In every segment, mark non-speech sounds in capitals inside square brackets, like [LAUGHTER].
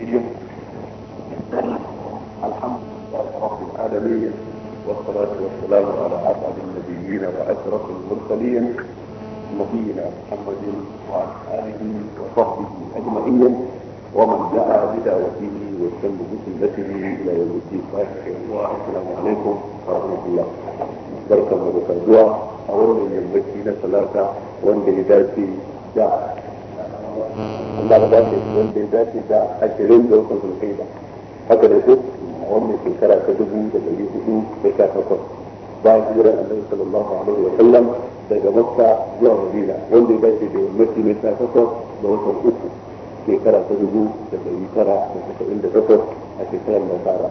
الجن الحمد رب العالمين والصلاة والسلام على أسعد النبيين وأشرف المرسلين نبينا محمد وعلى آله وصحبه أجمعين ومن دعا بدعوته وسلم بسنته إلى يوم الدين السلام عليكم ورحمة الله بركة الله وبركاته أولا يمكن ثلاثة وأن يدعي Allah ba ta shi wanda ya dace da ashirin da wata zulkaida haka da duk wannan shekara ta dubu da ɗari hudu da sha takwas bayan hijirar annabi sallallahu alaihi wa sallam daga makka zuwa madina wanda ya dace da yammaci mai sha takwas da watan uku shekara ta dubu da ɗari tara da casa'in da takwas a shekarar nasara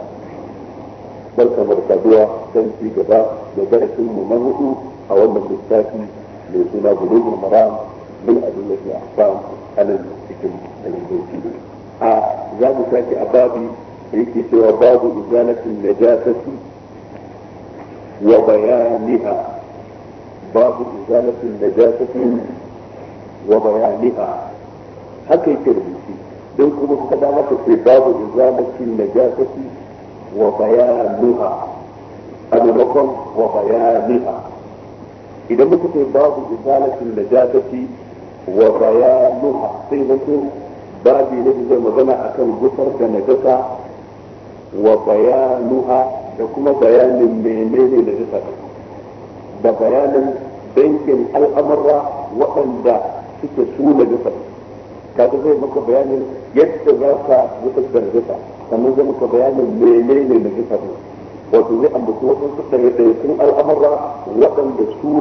barka markaduwa don ci gaba da darasin mu na hudu a wannan littafi mai suna bulugul maram min adillati ahkam anan cikin alimboci ne a za mu sake a babu yake cewa babu izalatin najasati wa bayaniha babu izalatin najasati wa bayaniha haka yake rubuci don kuma kuka da maka sai babu izalatin najasati wa bayaniha a maimakon wa bayaniha idan muka ce babu izalatin najasati wa bayanuha sai na ce babi na zai magana akan gusar da najasa wa bayanuha da kuma bayanin menene najasa da bayanin dangin al'amura waɗanda suke su najasa kaga zai maka bayanin yadda za ka gusar da najasa sannan zai bayanin sun waɗanda su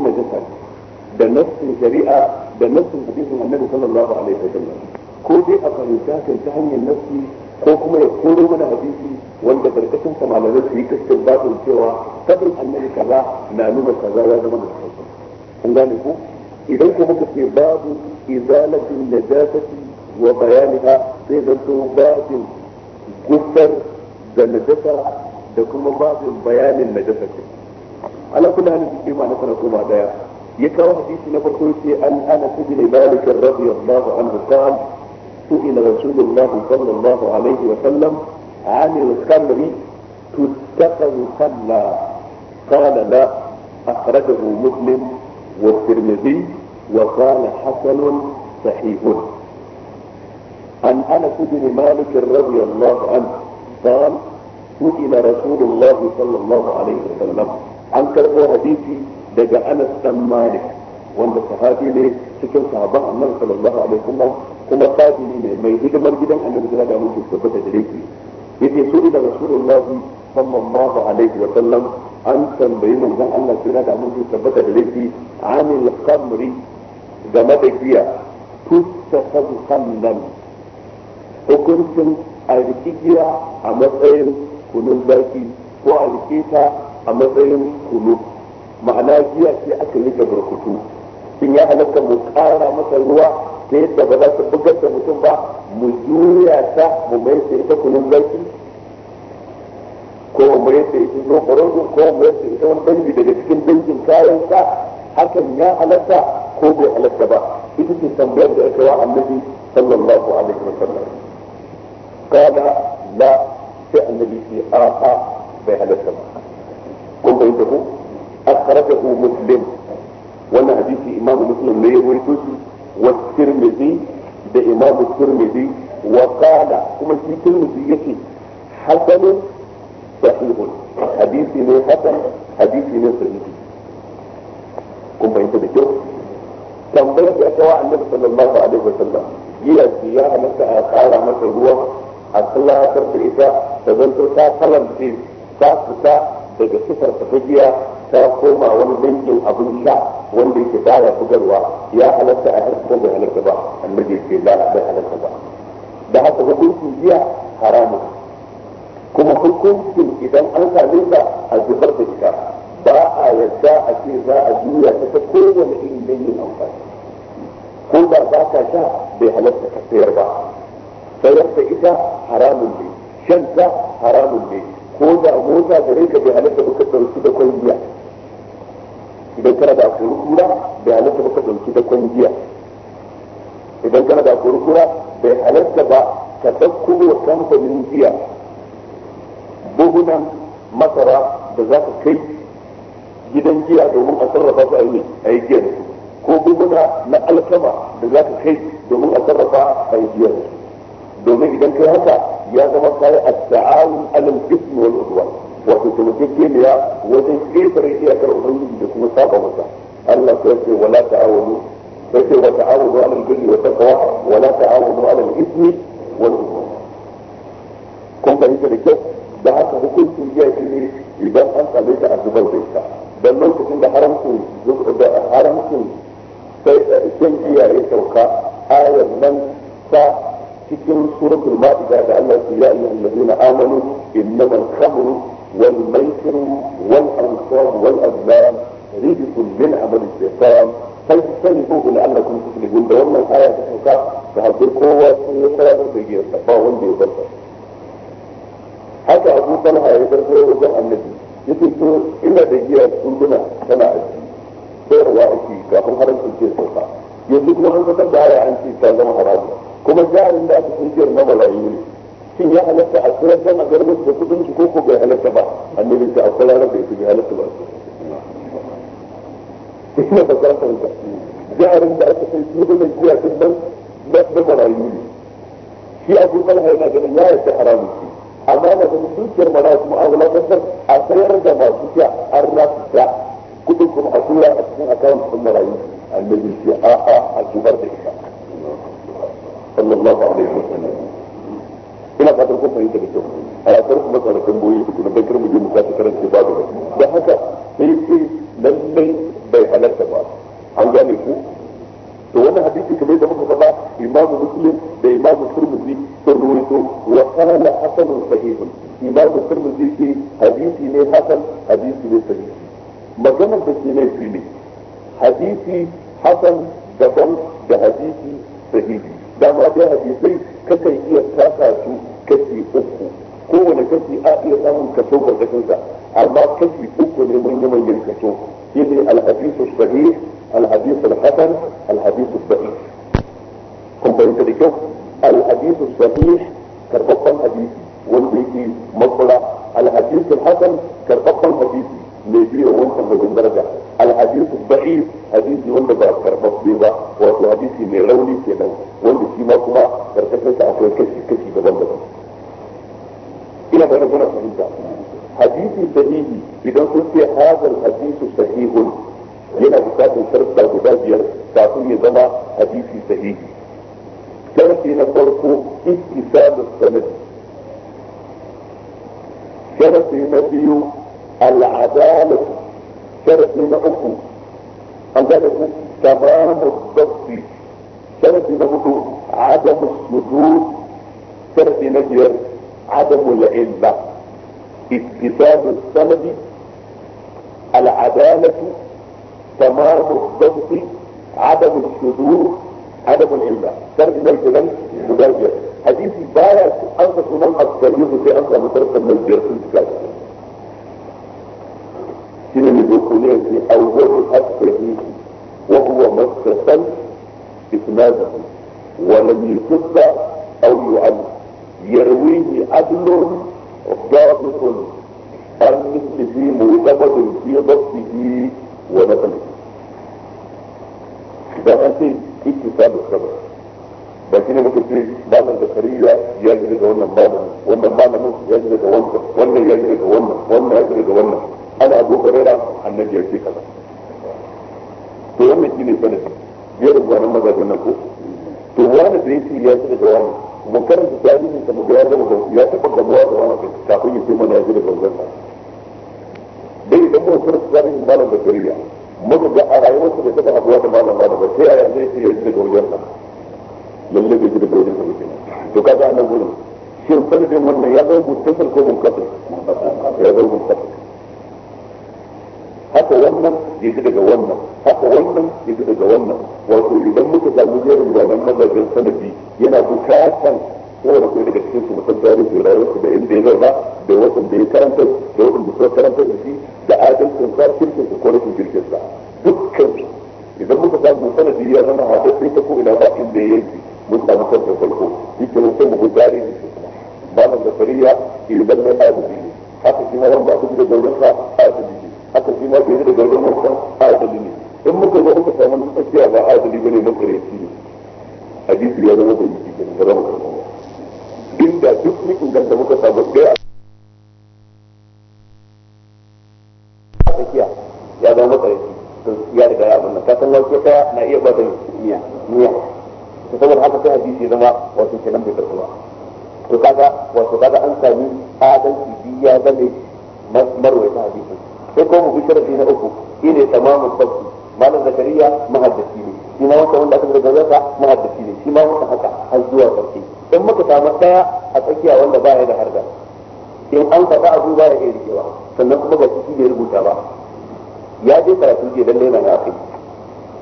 da nassin shari'a da nassin hadisin annabi sallallahu alaihi wasallam ko dai a fahimta kan ta hanyar nassi ko kuma ya koro mana hadisi wanda karkashin sa malamai su yi kashin batun cewa kabin annabi kaza na nuna kaza ya zama da sauki an gane ko idan ko muka ce babu izalatin najasati wa bayaniha sai zanto babin gufar da najasa da kuma babin bayanin najasa ala kullu halin cikin ma na kuma daya يكره حديث نفر أن أنا بن مالك رضي الله عنه قال سئل رسول الله صلى الله عليه وسلم عن الخمر تتقى خلا قال لا أخرجه مسلم والترمذي وقال حسن صحيح عن أنس بن مالك رضي الله عنه قال سئل رسول الله صلى الله عليه وسلم عن كربو حديثي daga Anas dan Malik wanda sahabi ne cikin sahabban Annabi sallallahu alaihi wasallam kuma tabi'i ne mai hidimar gidan Annabi sallallahu alaihi wasallam tabbata da yake yace su da Rasulullah sallallahu alaihi wasallam an tambayi manzon Allah sallallahu alaihi wasallam tabbata da yake anil qamri game da giya tuttasabu sannan hukuncin a riki giya a matsayin kunun zaki ko a rike ta a matsayin kunu ma'ana jiya ce aka yi da burkutu in ya halatta mu ƙara masa ruwa ta yadda ba za su bugar da mutum ba mu juya ta mu mai ta ita kunun zaki ko mu mai ta ita zoɓarogo ko mu mai ta ita wani dangi daga cikin dangin kayan sa hakan ya halatta ko bai halatta ba ita ce tambayar da aka wa annabi sallallahu alaihi wa sallam kada la sai annabi shi a'a bai halatta ba kun bai ta ko أخرجه مسلم وأنا حديث إمام مسلم لا يوريكوش والترمذي ده إمام الترمذي وقال كما في ترمذي يكي حسن صحيح حديث من حسن حديث من ترمذي كما أنت بجو كم بيت أتوى النبي صلى الله عليه وسلم يلا يا مساء خير مساء الله أصلى ترتيبا تذكر تا سلام تي تا daga sifar tafiya giya ta koma wani dangin abin sha wanda yake baya bugarwa ya halatta a harkar ko bai halatta ba annabi ce ba bai halatta ba da haka hukuncin jiya haramun kuma hukuncin idan an same ta a zubar da ita ba a yarda a ce za a juya ta ta kowane irin dangin amfani ko ba ka sha bai halatta ka sayar ba sayar da ita haramun ne shan ta haramun ne ko da mota da ka bai halatta baka dauki da kwangiya idan kana da akuri kura bai halatta baka dauki da kwangiya idan kana da akuri kura bai halatta ba ka dauko wa kamfanin giya buhunan masara da za ka kai gidan giya domin a sarrafa su a yi a yi giya ko buhuna na alkama da za ka kai domin a sarrafa a yi giya da su domin idan kai haka ya zama kai at-ta'awun alal ismi wal udwan wato taimakekeniya wajen ƙetare iyakar ubangiji da kuma saba masa Allah ya ce wala ta'awunu sai wa ta'awunu alal birri wa taqwa wala ta'awunu alal ismi wal udwan kun fahimta da kyau da haka hukuncin ya yi ne idan an same ta a zubar da ita dan lokacin da haramcin da haramcin sai shan giya ya sauka ayar nan ta cikin suratul ma'ida da Allah ya yi alladheena amanu innama al khamru wal maisiru wal ansab wal azlam rijsun min amali shaytan فاجتنبوه لعلكم tuflihun da wannan aya ta sauka da hadir kowa sun yi sarrafa da yi ba wanda ya barka haka Abu Talha ya barka wajen Annabi yace to ina da giya tsunduna tana aji sayarwa ake kafin haramcin ce sauka yanzu kuma an da aya an ce ta zama haramu kuma jarin da aka kungiyar na balayi ne shin ya halatta a tsirar da magarbar da kudin shi ko ko bai halatta ba annabi ta akwai ranar da yake bai halatta ba ina ba zan fahimta jarin da aka sai su da jiya sun ban da balayi ne shi abu talha yana ganin ya yarda haramu shi amma da kuma dukiyar mara kuma a wulakantar a sayar da masu sha an rasu sha kudin kuma a tura a cikin akawun sun marayu annabi ce a a a zubar da ita sallallahu alaihi wasallam ina fatan kun fahimta da kyau a yakar kuma tsarakan boye su kuma bakar mu je mu kasa karanta babu da haka sai sai lallai bai halarta ba an gane ku to wannan hadisi kamar da muka faɗa imamu muslim da imamu turmuzi wa kana hasanun sahihun imamu turmuzi ne ne da حديثي حسن دبل ده حديثي صحيح ده ما ده حديثي كتي إيه تاسع سو كتي أكو هو أنا كتي آي رام كتو بردكنا أما كتي أكو نمر نمر يكتو يلي الحديث الصحيح الحديث الحسن الحديث الضعيف كم بين تريكو الحديث الصحيح كربطن حديثي والبيتي مقبلة الحديث الحسن كربطن حديثي نبيه ونخل من درجة الحديث الضعيف حديث يقول لك أكثر مصبيبة وهو حديث من لوني سينا وانا في ما كما ترتفع أكثر كسي كسي بضل بضل إلا ما نقول لك حديث صحيح إذا قلت هذا الحديث صحيح يلا بكاته ترتفع بضل تعطيني زمى حديث صحيح كانت هنا فرقه اتصال السند كانت هنا فيه العدالة شرط لأكو أجله تمام الضبط شرط لأكو عدم السجود شرط نجر عدم العلم اكتساب السند العدالة تمام الضبط عدم الشذوذ عدم العلم شرط نجر مدرجة حديث باية من أكثر التريض في أنت مترسل من الجرس الكلام إليه في أول أفكره وهو مستسل إسناده ولم يصد أو يعد يرويه عدل ضابط عن مثله معتمد في ضبطه ونقله ده أنت اكتساب الخبر لكن ما كنت بعد البشرية يجري وانا بعد وما بعد نص يجرد وانا وانا يجرد وانا يجري يجرد وانا ana abu da annabi ya ce kaza to wannan ne sanadi da gwanin mazajen nan ko to wani da yake ya ce daga wani mu karanta mu ga ya ya taba gamuwa da wani kafin ya ce mana ya ji daga wajen sa dai idan mun karanta malam muka ga a rayuwarsa da taba abuwa da malam da ba sai a yanzu ya ce ya ji daga lalle bai ji wajen sa ba to kaga annabi sanadin wannan ya zama ko ya zama haka wannan ya ji daga wannan haka wannan ya ji daga wannan wato idan muka samu jerin gwanan mazajen sanadi yana bukatan kowane kuma daga cikin su musan tarihi rayuwarsa da inda ya zauna da wasan da ya karanta da wasan da suka karanta da shi da adalcin sa kirkin sa ko rashin kirkin sa dukkan idan muka samu sanadi ya zama sai ta ko ina ba inda ya yanki mun samu kansa farko shi ke mutum mu gudari ne ba nan da fariya idan mai adalci haka shi ma wanda aka ji da gaurinsa adalci haka shi ma ke da gargar masa adali ne in muka zo muka samu tsakiya ba adali bane makareci ne hadisi ya zama da yiki ke da zama karɓa inda duk mun inganta muka samu ɗaya a tsakiya ya zama makareci ya riga ya abin nan ka san lafiya ta na iya ba da niyya ta to saboda haka sai hadisi zama wato kenan bai karɓa to kaga wato kaga an sami adalci biya zame marwaita hadisin sai ko mu fi sharafi na uku shine tamamu sabbi malam zakariya muhaddisi ne shi ma wanda wanda aka daga zaka muhaddisi ne shi ma wanda haka har zuwa karshe in muka samu daya a tsakiya wanda ba ya da harda in an faɗa abu ba ya iya rikewa sannan kuma ga shi bai rubuta ba ya je karatu je dan na ya kai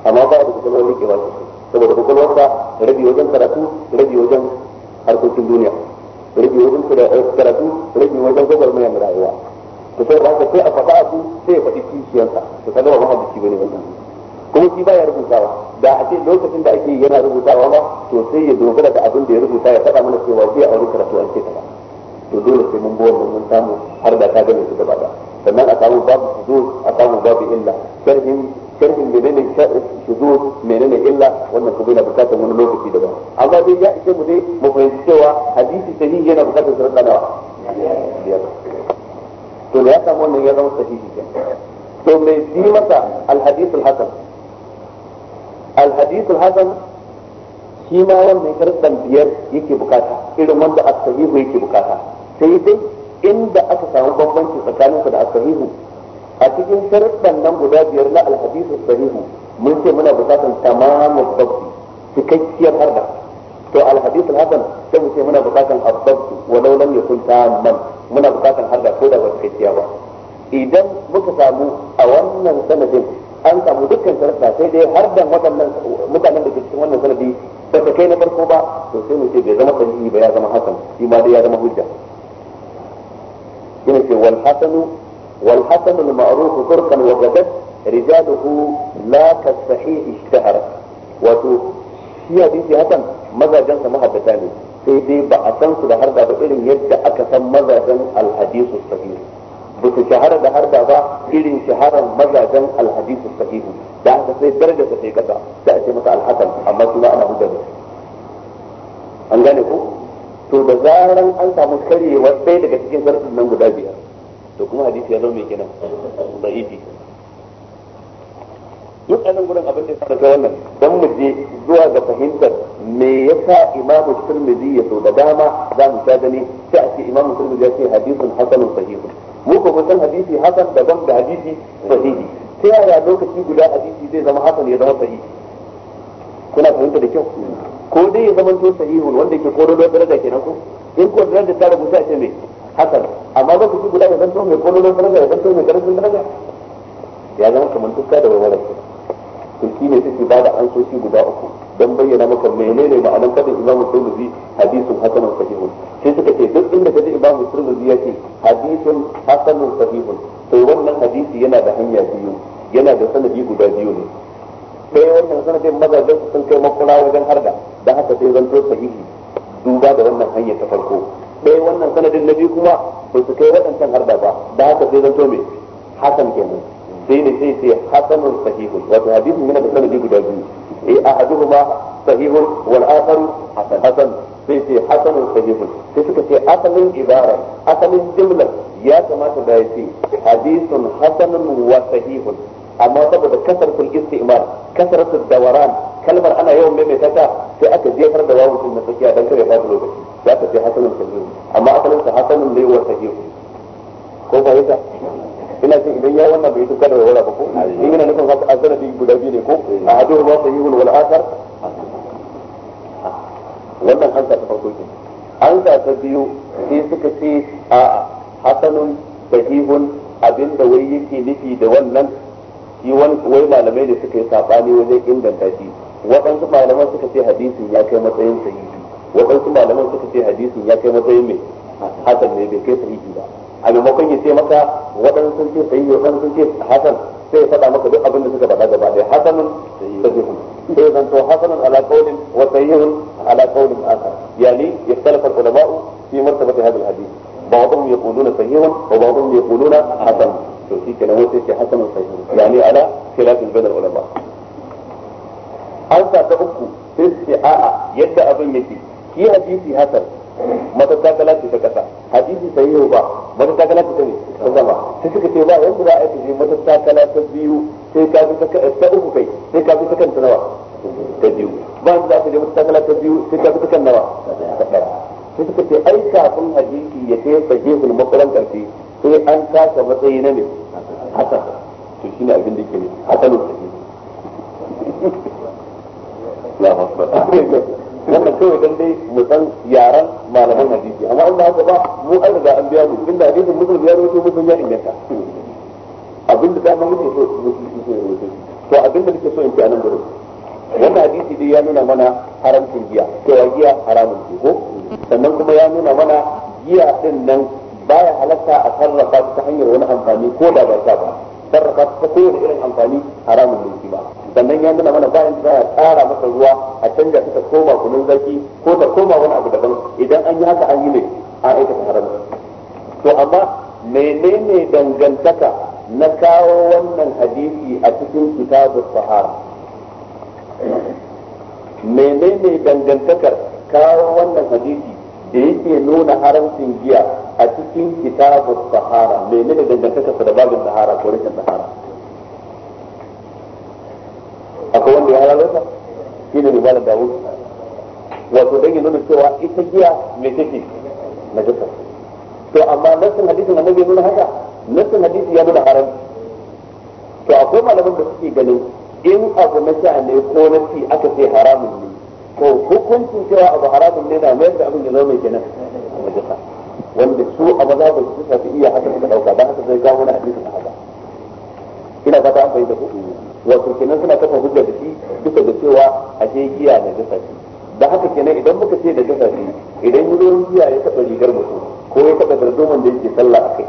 amma ba da kuma rikewa saboda kokolwarsa rabi wajen karatu rabi wajen harkokin duniya rabi wajen karatu rabi wajen gwagwarmayar rayuwa to sai ba sai a faɗa abu sai ya faɗi kishiyarsa to kaga ba hadisi bane wannan kuma shi baya rubutawa da a ce lokacin da ake yana rubutawa ba to sai ya dogara da abin da ya rubuta ya faɗa mana cewa a aure karatu an ce kaza to dole sai mun bawa mun samu har da ta gane su gaba da sannan a samu babu shuzuz a samu babu illa sharhin sharhin menene shuzuz menene illa wannan kuma yana bukatar wani lokaci daban amma dai ya ishe mu dai mu fahimci cewa hadisi sahihi yana bukatar sarrafa nawa to da ya samu wannan ya zama sahihi ke to mai bi masa alhadith alhasan alhadith alhasan shi ma wannan sharɗan biyar yake bukata irin wanda as-sahihu yake bukata sai dai inda aka samu bambanci tsakaninsa da as-sahihu a cikin sharɗan nan guda biyar na alhadith as-sahihu mun ce muna bukatan tamamul babbi cikakkiyar harda to alhadith alhasan sai mu ce muna bukatan abdabtu walau lam yakun tamman muna bukatan harda ko da ba cikakkiya ba idan muka samu a wannan sanadin an samu dukkan sharta sai dai har da waɗannan mutanen da ke cikin wannan sanadi ba ta kai na farko ba to sai mu ce bai zama sahihi ba ya zama hasan shi ma dai ya zama hujja yana ce wal hasanu wal hasanu al ma'ruf turkan wa gadat rijaluhu la ka sahih ishtahara wato shi hadisi hasan mazajen sa mahaddata ne sai dai ba a san su da harda ba irin yadda aka san mazajen alhadisu ba su shahara da harda ba irin shaharar mazajen alhadisu sahih da aka sai daraja ta sai kasa da masa alhasan amma ana da an gane ko to da zaran an samu karyewa ɗaya daga cikin sarfin nan guda biyar to kuma hadisi ya zo mai kenan da'ifi duk anan gurin abin da ya kai wannan dan mu je zuwa ga fahimtar me yasa Imam Tirmidhi ya so da dama za mu ta gani sai a ce Imam Tirmidhi ya ce hadithun hasanun sahihun mu ko san hadisi hasan daban da hadisi sahihi ta yaya lokaci guda hadisi zai zama hasan ya zama sahihi kuna fahimta da kyau ko dai ya zama to sahihun wanda yake ko dole daraja kenan ko in ko daraja ta rubuta ce me hasan amma lokaci guda ya zanto mai ko dole daraja ya zanto mai me daraja ya zama kamar tuka da warwarar to shi ne take ba da ansoshi guda uku don bayyana maka menene ma'anar kadin imamu turmuzi hadisin hasanun sahihun sai suka ce duk inda kaji imamu turmuzi ya ce hadisin hasanun sahihun to wannan hadisi yana da hanya biyu yana da sanadi guda biyu ne sai wannan sanadin mazajen su sun kai makura wajen harda da haka sai zanto sahihi duba da wannan hanyar ta farko sai wannan sanadin na biyu kuma ba su kai waɗancan harda ba da haka sai zanto mai hasan kenan sai ne sai sai hasanun sahihun wato hadisin yana da sanadi guda biyu eh ahaduhuma sahihun wal akharu hasan sai sai hasanun sahihun sai suka ce asalin ibara asalin jumla ya kamata da yace hadisun hasanun wa sahihun amma saboda kasaratul istimar kasaratul dawaran kalmar ana yawan maimaita ta sai aka jefar da wawun sun na dan kare fata lokaci za ta ce hasanun sahihun amma asalin sa hasanun ne wa sahihun ko fahimta ina cin idan ya wannan bai tukar da wala ba ko in ina nufin haka bi guda biyu ne ko a hadu sai yi wal athar wannan an ta farko ce an ta ta biyu sai suka ce a hasanun sahihun abinda wai yake nufi da wannan shi wai malamai da suka yi sabani wajen inganta shi waɗansu malaman suka ce hadisin ya kai matsayin sahihi waɗansu malaman suka ce hadisin ya kai matsayin mai hasan ne bai kai sahihi ba a maimakon ya ce maka waɗansu sun ce sayi waɗansu sun ce hasan sai ya faɗa maka duk abin da suka faɗa gaba ɗaya hasanun sahihun sai zan to hasanun ala qawlin wa sahihun ala qawlin akhar yani ikhtalafa al-ulama'u fi martabati hadha hadith ba'dhum yaquluna sahihun wa ba'dhum yaquluna hasan to shi kenan wasu ce hasanun sahihun yani ala khilafin bain al-ulama an sa ta uku sai ce a'a yadda abin yake shi hadisi hasan matattakala ce ta kasa hadisi ta ne ta sai suka ce ba yanzu za a yi ta biyu sai ka bi ta uku kai sai ka bi ta kanta nawa ta biyu ba yanzu za a yi ta biyu sai ka bi ta kan nawa ta ɗaya sai suka ce ai kafin hadisi ya kai sahihul karfi sai an kasa matsayi na ne haka to abin da ke [LAUGHS] Allahu akbar wannan kawai dan dai mu san yaran malaman hadisi amma Allah ba haka ba mu an riga an biya mu inda hadisin muslim ya rawaito muslim ya inganta abin da ma muke so to da nake so in ci a nan gurin wannan hadisi dai ya nuna mana haramcin giya cewa giya haramun ce ko sannan kuma ya nuna mana giya din nan baya halatta a sarrafa ta hanyar wani amfani ko da ba ta ba sarrafa ta ko irin amfani haramun ne ba sannan ya nuna mana bayan da ya tsara masa ruwa a canja ta koma kunun zaki ko ta koma wani abu daban idan an yi haka an yi ne a aikata haram to amma menene dangantaka na kawo wannan hadisi a cikin kitabus sahara menene dangantakar kawo wannan hadisi da yake nuna haramcin giya a cikin kitabun sahara menene dangantakar da babin sahara ko rikin sahara akwai wanda ya rano ta shi ne da dawud wato dan yi nuna cewa ita giya mai take na jikin to amma nassin hadisin annabi nuna haka nassin hadisi ya nuna haram to akwai malaman da suke ganin in abu na sha ne ko na ci aka ce haramun ne to hukuncin cewa abu haramun ne na mayar da abin ya zama mai kenan jikin wanda su a maza ba su shafi iya haka suka dauka ba haka zai kawo na hadisin haka ina fata an fahimta ko wato kenan suna kafa hujjar da shi duka da cewa ce giya da gasa ce da haka kenan idan muka ce da gasa ce idan wurin giya ya taɓa rigar mutum ko ya taɓa zardoman da yake sallah kai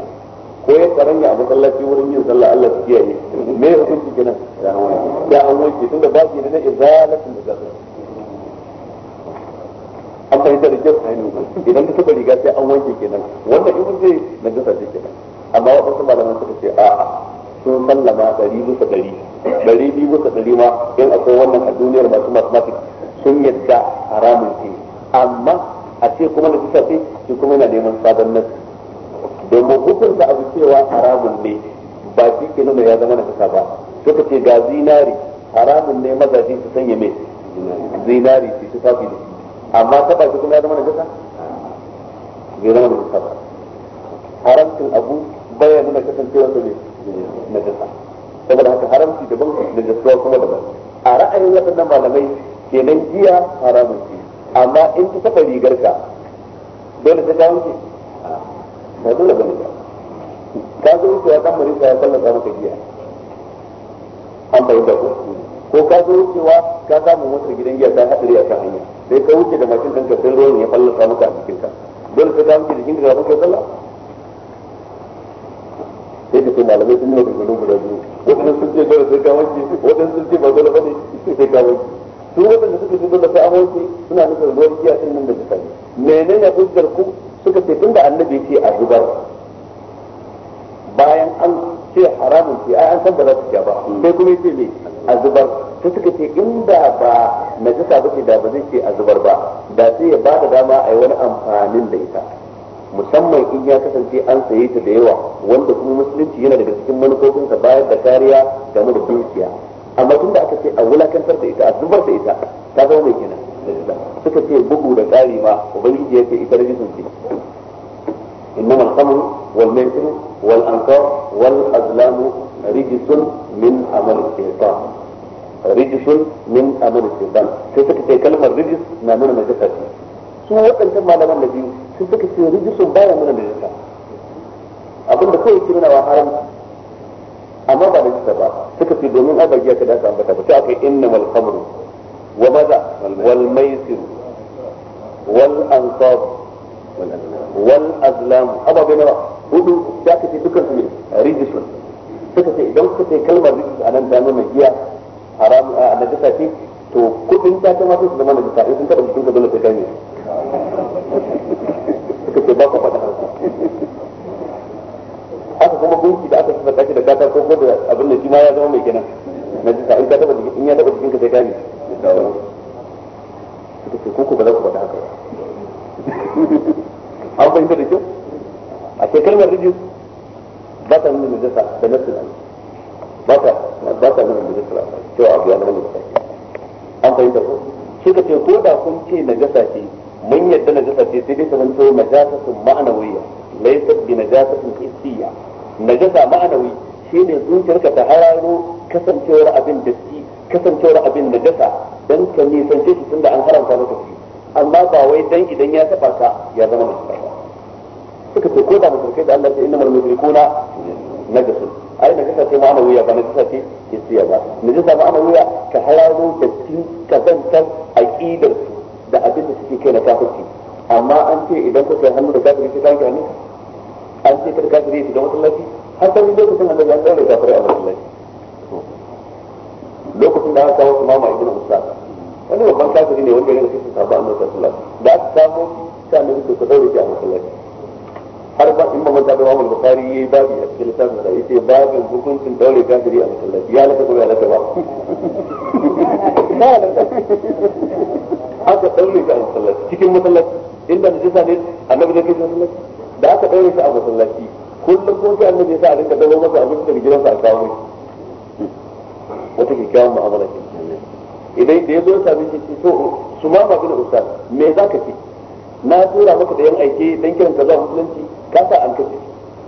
ko ya ya a masallaci wurin yin sallah Allah su kiyaye me ya hukunci kenan ya an wanke tunda ba shi na izalatin da gasa an fahimta da kyau idan ka taɓa riga sai an wanke kenan wanda in zai na gasa ce kenan amma da malaman suka ce a'a sun sallama ɗari bisa ɗari ɗari biyu bisa ɗari ma in akwai wannan a duniyar masu mathematics sun yadda haramun ce amma a ce kuma da bisa ce shi kuma yana neman sabon nan domin hukunta abu cewa haramun ne ba shi ke nuna ya zama na kasa ba suka ce ga zinari haramun ne mazaje su sanya mai zinari su su tafi da shi amma ba shi kuma ya zama na kasa bai zama na kasa ba haramcin abu bayan nuna kasancewa ne na jasa saboda haka haramci daban da kuma daban a ra'ayin waɗannan malamai kenan giya haramun ce amma in ta taɓa rigar ka dole ta kawo ce ba dole ba ne ba ka zo wuce ya kan marisa ya sallaka maka giya an bai da ko ka zo wucewa ka samu motar gidan giya ta hadari a kan hanya sai ka wuce da mashin ɗinka sai ruwan ya fallasa maka a jikinka dole ta kawo ce jikinka ga maka sallah malamai sun yi wa gangaro guda biyu waɗansu sun ce dole sai ka wanke waɗansu sun ce ba dole sai ka wanke su waɗanda suka ce dole sai an wanke suna nufin ruwan giya nan da suka yi menene hujjar ku suka ce tunda annabi ce a zubar bayan an ce haramun ce ai an san ba za su ba sai kuma ce me a zubar sai suka ce inda ba najasa bace da ba zai ce a zubar ba da sai ya ba da dama a yi wani amfanin da ita musamman in ya kasance an saye ta da yawa wanda kuma musulunci yana daga cikin manufofinsa bayar da kariya game da dukiya amma tunda aka ce a wulakantar da ita a zubar da ita ta zama mai kenan suka ce bugu da tsari ma ubangiji ya ce ita rajisun ce إنما الخمر والميسر والأنصار والأزلام رجس من عمل الشيطان رجس من عمل الشيطان sai suka ce kalmar rijis na nuna najasa ce su waɗancan malaman da biyu sai suka ce rijisun baya nuna da yasa abin da kawai kira nuna wa haram amma ba da yasa ba suka ce domin abagiya ta da aka ambata ba sai aka yi innamal khamru wa maza wal maisir wal ansab wal azlam ababe nawa hudu sai aka ce dukkan su ne rijisun suka ce idan suka ce kalmar rijis a nan ta nuna giya haram a najasa ce to kudin ta ta ma sai su zama najasa in sun taɓa ka dole sai kai ne suka ce ba ku faɗa haka kuma gunki da aka saka shi da gata ko ko da abin da shi ma ya zama mai kenan na jika in ka taba jikin in ya taba jikin ka sai kami suka ce kuku ba za ku faɗa haka ba an fahimta da kyau a shekarar da ba ta nuna najasa da ba ta ba ta nuna najasa cewa abu ya zama najasa an fahimta ko ka ce ko da kun ce najasa ce mun yadda najasa ce sai dai ta zanto najasatun ma'anawiyya laysa bi najasatun hissiyya najasa ma'anawi shine zuciyarka ta hararo kasancewar abin datti kasancewar abin najasa dan ka nisance shi tunda an haramta maka shi amma ba wai dan idan ya taba ya zama najasa suka ce ko da mutum da Allah ya inna murmurikuna najasun ai najasa ce ma'anawiya ba najasa ce hissiya ba najasa ka hararo datti kazantar aqidar su da abin da suke kai na kafirci amma an ce idan kuka yi hannu da kafiri sai kanki hannu an ce kada kafiri ya shiga masallaci har sai mun lokacin da ya tsare kafiri a masallaci lokacin da aka kawo su mama ibnu musa wani babban kafiri ne wanda ya rinka cikin sabon annabi sallallahu alaihi da aka samo shi sai annabi ko ka daure shi a masallaci har ba in mamman ta bawa bukari yayi babi a cikin lissafin sa yace babin hukuncin daure kafiri a masallaci ya laka ko ya laka ba [LAUGHS] aka daure shi a masallaci cikin masallaci inda jisa ne annabi zai kai masallaci da aka daure shi a masallaci kullum ko shi annabi sa a rinka dawo masa abinci gidan sa a kawo shi wata kyakkyawan mu'amala ce idan da ya zo sami shi ce to su ma ba gina ustaz me za ka ce na tura maka da yan aike dan kiran ka za musulunci ka sa an kace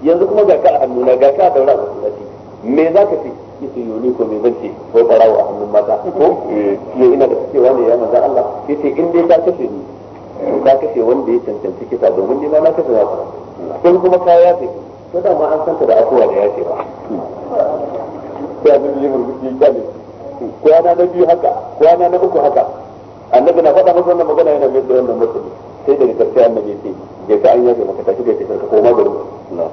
yanzu kuma ga ka a hannuna ga ka a daura a masallaci me za ka ce yace yoni ko me bace ko barawa a hannun mata ko eh, yo ina da cewa ne ya manzo Allah yace in dai ka kashe ni to ka kashe wanda ya cancanci kisa domin ni ma na kashe ka kun kuma ka ya ce to da ma an santa da akowa da ya ce ba sai abin yi murmushi ya ne kwana na biyu haka kwana na uku haka annabi na faɗa masa wannan magana yana mai da wannan mutum sai da karshe annabi ya ce je ka an yaje maka tafi da ya ce ka koma na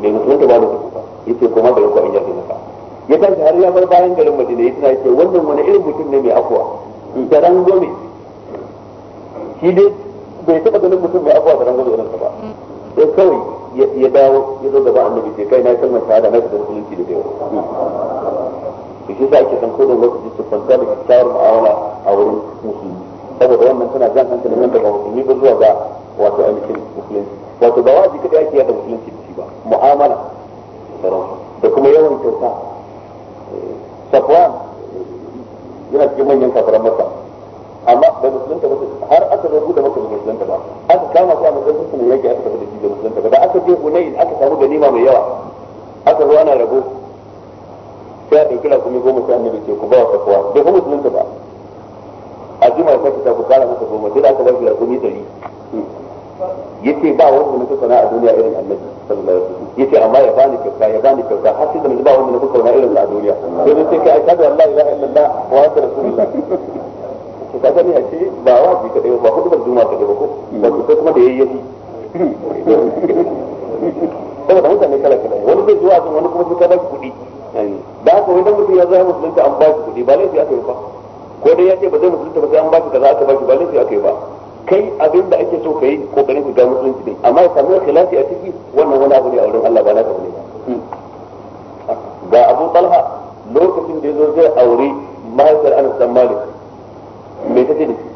ne mutum ba da kuka yace kuma bai ko an yafe maka ya tashi har ya bar bayan garin Madina yace yace wannan wani irin mutum ne mai akwa da rangwame shi dai bai taba ganin mutum mai akwa da rangwame irin sa ba sai kawai ya dawo ya zo gaba annabi sai kai na kalmar shahada na da musulunci da yau to shi sai ake san ko da lokaci su fanta da kyakkyawar mu'amala a wurin musulmi saboda wannan tana jan hankalin nan daga musulmi ba zuwa ga wato ainihin musulunci wato ba wajibi kada yake yada musulunci da shi ba mu'amala sauran da kuma yawan kyauta safwan yana cikin manyan kafaran masa amma da musulunta ba har aka zo maka musulunta ba aka kama su a matsayin su ne yake aka tafi da shi da musulunta ba da aka je aka samu ganima mai yawa aka zo ana rabo sai a ɗauki rakumi goma sai annabi ce ku ba wa da kuma musulunta ba a sai ta ku kara masa goma sai da aka ba shi ɗari yace ba wanda na na a duniya irin annabi sallallahu amma ya bani kyauta ya bani kyauta har sai da ba wanda na na irin a duniya sai dai sai ka ashhadu an Allah ilaha illallah wa rasulullah ba wajibi ba hudu juma'a ba ko kuma da saboda mutane kala kala wani zai zuwa wani kuma sai da haka wani mutum ya zama musulunta an ba shi kuɗi ba laifi aka yi ba ko dai ya ce ba zai musulunta ba sai an ba shi kaza aka ba shi ba laifi aka yi ba kai abin da ake so ka yi ka ga musulunci ne amma ya samu khilafi a ciki wannan wani abu ne a wurin Allah ba na ne hmm. ga Abu Talha lokacin da zo zai aure mahaifiyar Anas dan Malik me tace da shi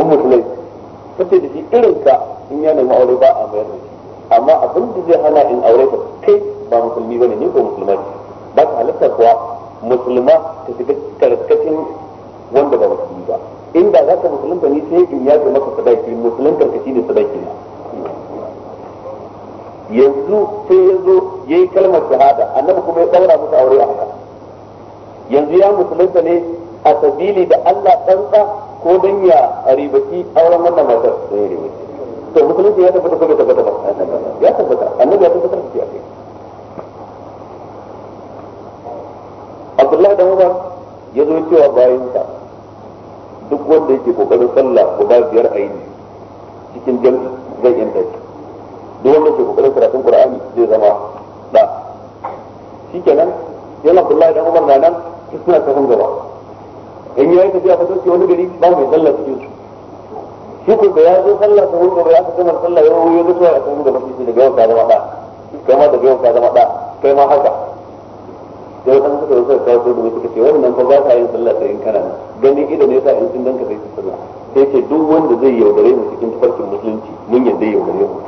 ummu Sulaim tace da shi irin ka in ya nemi aure ba a mayar da shi amma abin da zai hana in aure ka kai ba musulmi ne ni ko musulma ce ba ta halittar kuwa musulma ta shiga karkashin wanda ba musulmi ba inda za ka musulunta ni sai in yafe maka sadaki musulunta ka shine sadaki na yanzu sai ya zo ya yi kalmar shahada annabi kuma ya ɗaura musu aure a haka yanzu ya musulunta ne a sabili da Allah ɗansa ko don ya ribaci auren wannan matar da ya ribaci to musulunci ya tabbata ko bai tabbata ba ya tabbata annabi ya tabbatar da shi a kai Abdullahi da Umar ya zo cewa bayan sa duk wanda yake kokarin sallah guda biyar a yini cikin jan zai yanta shi duk wanda yake kokarin karatun qur'ani zai zama da shikenan yana Abdullahi da Umar na nan suna ta tafin gaba in yayi tafiya fa sai wani gari ba mai sallah cikin su shi ko da ya zo sallah ta wani gaba ya ka gama sallah ya yi ya zo ya tafin gaba shi daga yau ka zama da kai ma daga yau ka zama da kai ma haka sai wadanda suka zo suka kawo sai da suka ce wannan fa ba ka yin sallah sai in kana nan ganin ido ne yasa in sun danka sai su sallah sai ce duk wanda zai yaudare mu cikin tafarkin musulunci mun yadda yaudare mu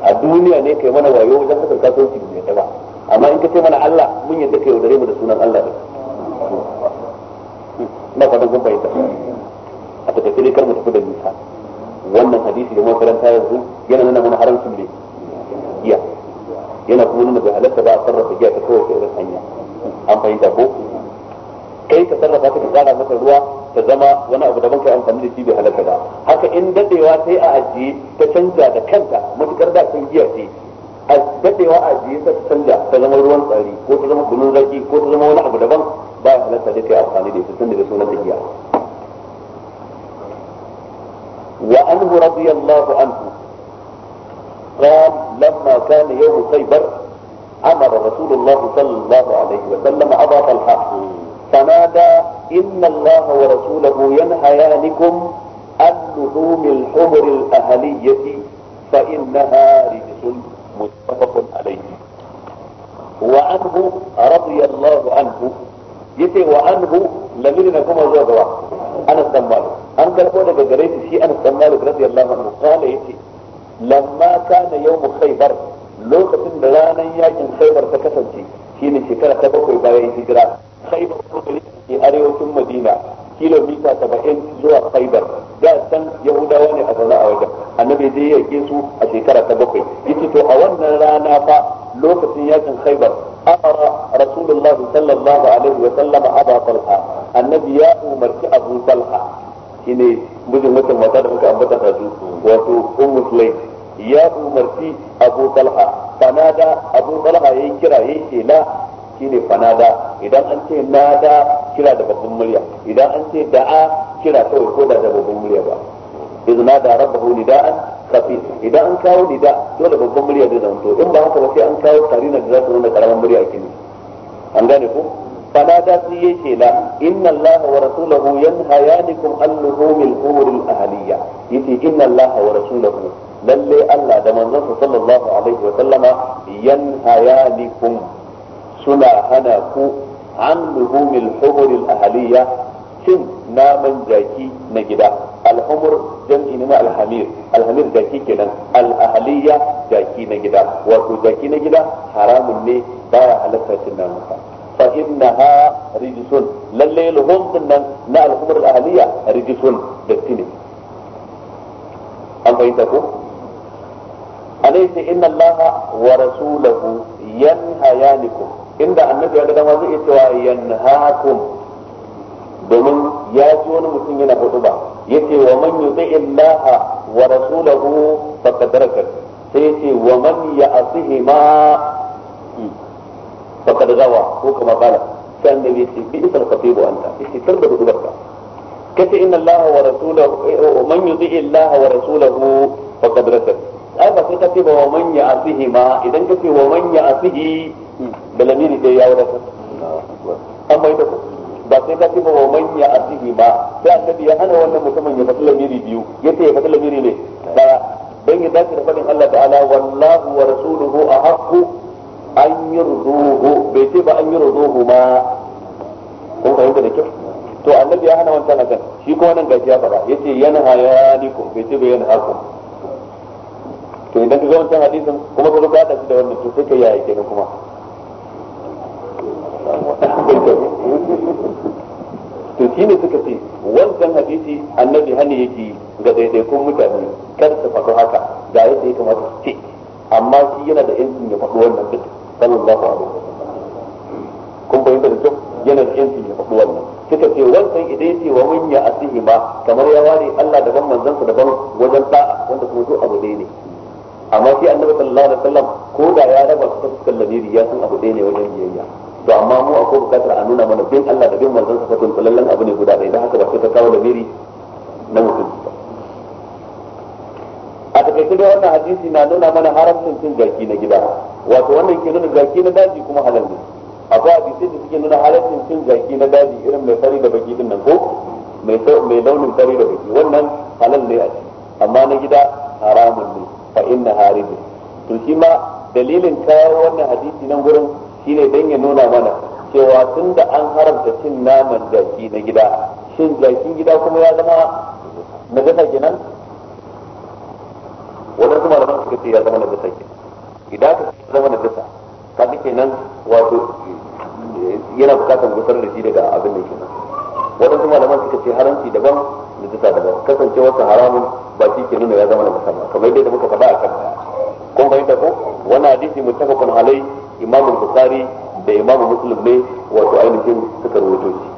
a duniya ne kai mana wayo wajen kasar kasuwanci mu ne ba amma in ka ce mana Allah mun yadda kai yaudare mu da sunan Allah ne na fatan kun fahimta a ta dai kar mu tafi da nisa wannan hadisi da makaranta yanzu yana nuna mana haramcin ne giya yana kuma nuna bai halatta ba a sarrafa giya ta ta irin hanya an fahimta ko kai ka sarrafa ta ka tsara maka ruwa ta zama wani abu daban kai amfani da shi bai halaka ba haka in dadewa sai a ajiye ta canja da kanta matukar da kun giya ce a dadewa a ajiye ta canja ta zama ruwan tsari ko ta zama kunun zaki ko ta zama wani abu daban ba ya halaka da kai amfani da ita tun daga sunan ta giya wa anhu radiyallahu anhu قال لما كان يوم خيبر امر رسول الله صلى الله عليه وسلم ابا طلحه فنادى ان الله ورسوله ينهيانكم عن لحوم الحمر الاهليه فانها رجس متفق عليه وعنه رضي الله عنه يتي وعنه لم يلد كما زوجوا انا استمال ان كتبوا دغريتي شي انا استمال رضي الله عنه قال يتي لما كان يوم خيبر lokacin da ranar yakin khaibar ta kasance shine shekara ta bakwai bayan hijira khaibar rukuni ke arewacin madina kilomita saba'in zuwa khaibar da san yahudawa ne a zaune a wajen annabi dai yake su a shekara ta bakwai yace to a wannan rana fa lokacin yakin khaibar amara rasulullah sallallahu alaihi wa sallama aba talha annabi ya umarci abu talha shine mijin wata mata da muka ambata da su wato ummu sulaim ya umarci abu talha fanada abu talha ya yi kira ya ke na shine fanada idan an ce nada kira da babban murya idan an ce da'a kira kawai ko da babban murya ba na da rabbahu nida'an kafi idan an kawo nida dole babban murya zai zanto in ba haka ba sai an kawo karina da za ta nuna karaman murya kini an gane ko bana da su yi shela inna allaha wa rasulahu yanhayanikum an luhumil Allah da manzon sallallahu alaihi suna hana ku an luhumil humuril ahliya cin naman jaki jaki kenan wato jaki na gida haramun ne baya fa innaha rijsun lalle luhum nan na al-khumur al-ahliya rijsun datti ne an fahimta ko alaysa inna allaha wa rasuluhu yanhayanikum inda annabi ya ga zai cewa yanhaakum domin ya ji wani mutum yana hudu ba yace wa man yuti illaha wa rasulahu faqad sai yace wa man ya'sihi ma faqad gawa ko kuma kana sai annabi ya ce bi isal khatibu anta yace tar da hudubarka kace inna allaha wa rasulahu eh, oh, man yuti allaha wa rasulahu faqad rasal ai ba sai kace ba wa ma idan wa ya amma ita ko ba sai kace ba wa manya ya'sihi ba sai annabi ya hana wannan mutumin ya fadi lamiri biyu yace ya fadi lamiri ne da dan ya dace da fadin Allah ta'ala wallahu wa rasuluhu ahaqqu an yi ruduhu bai ce ba an yi ruduhu ma kun fahimta da kyau to annabi ya hana wancan akan shi kuma nan gaji ya ya ce yana hayanikum bai ce bai yana hakum to idan ka ga wancan hadisin kuma ka rubuta shi da wannan to sai ka yaya kenan kuma to shi ne suka ce wancan hadisi annabi hani yake ga daidaikun mutane kar su faɗo haka ga yadda ya kamata su ce amma shi yana da yancin ya faɗo wannan duk sallallahu alaihi wasallam kun fahimta da duk yana jinsi yanci ya faɗi wannan suka ce wancan idan ya ce wa mun ya asihi ba kamar ya ware Allah daban manzansa daban wajen da'a wanda kuma duk abu ɗaya ne amma shi annabi sallallahu alaihi wasallam ko da ya raba su fuskar lamiri ya san abu ɗaya ne wajen biyayya to amma mu akwai bukatar a nuna mana bin Allah da bin manzansa fa kun abu ne guda ɗaya dan haka ba sai ka kawo lamiri na mutum takaice da wannan hadisi na nuna mana haramcin cin zaki na gida wato wannan ke nuna zaki na daji kuma halal ne akwai hadisi da suke nuna halalcin cin zaki na daji irin mai fari da baki din nan ko mai launin fari da baki wannan halal ne a ci amma na gida haramun ne fa inna haribu to shi ma dalilin kawo wannan hadisi nan gurin shine dan ya nuna mana cewa tunda an haramta cin naman zaki na gida shin jakin gida kuma ya zama na najasa kenan kuma da suka ce ya zama na bisa ke idan ka zama na bisa ka ce nan wato yana bukatar gusar da shi daga abin da ke nan kuma da suka ce haramci daban da bisa daban kasancewarsa haramun ba shi ke nuna ya zama na bisa ba kamar yadda muka faɗa a kan kun fahimta ko wani hadisi muttafaqun alai imamul bukhari da imamu muslim ne wato ainihin suka rubuto shi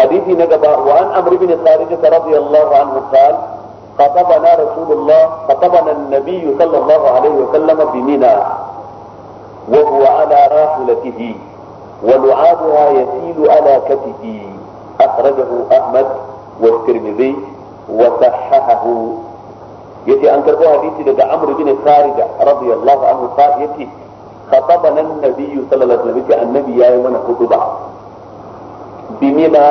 حديثي نجبا وعن عمرو بن خارجة رضي الله عنه قال خطبنا رسول الله خطبنا النبي صلى الله عليه وسلم بمنى وهو على راحلته ولعابها يسيل على كتفه أخرجه أحمد والترمذي وصححه يتي an حديثي لدى عمرو بن خارجة رضي الله عنه قال يتي خطبنا النبي صلى الله عليه وسلم النبي يا mana خطبه bimina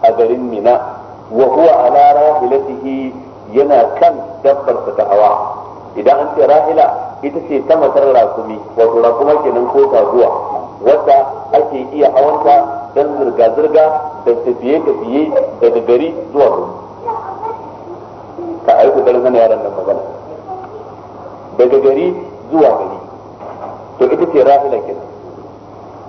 a garin mina wa huwa ala rahilatihi yana kan dabbarsa ta hawa idan an ce rahila ita ce ta matar rakumi wato rakuma kenan ko zuwa wadda ake iya hawanta don zirga-zirga da tafiye-tafiye daga gari zuwa gari ka aiko garin hana yaran nan magana daga gari zuwa gari to ita ce rahila kenan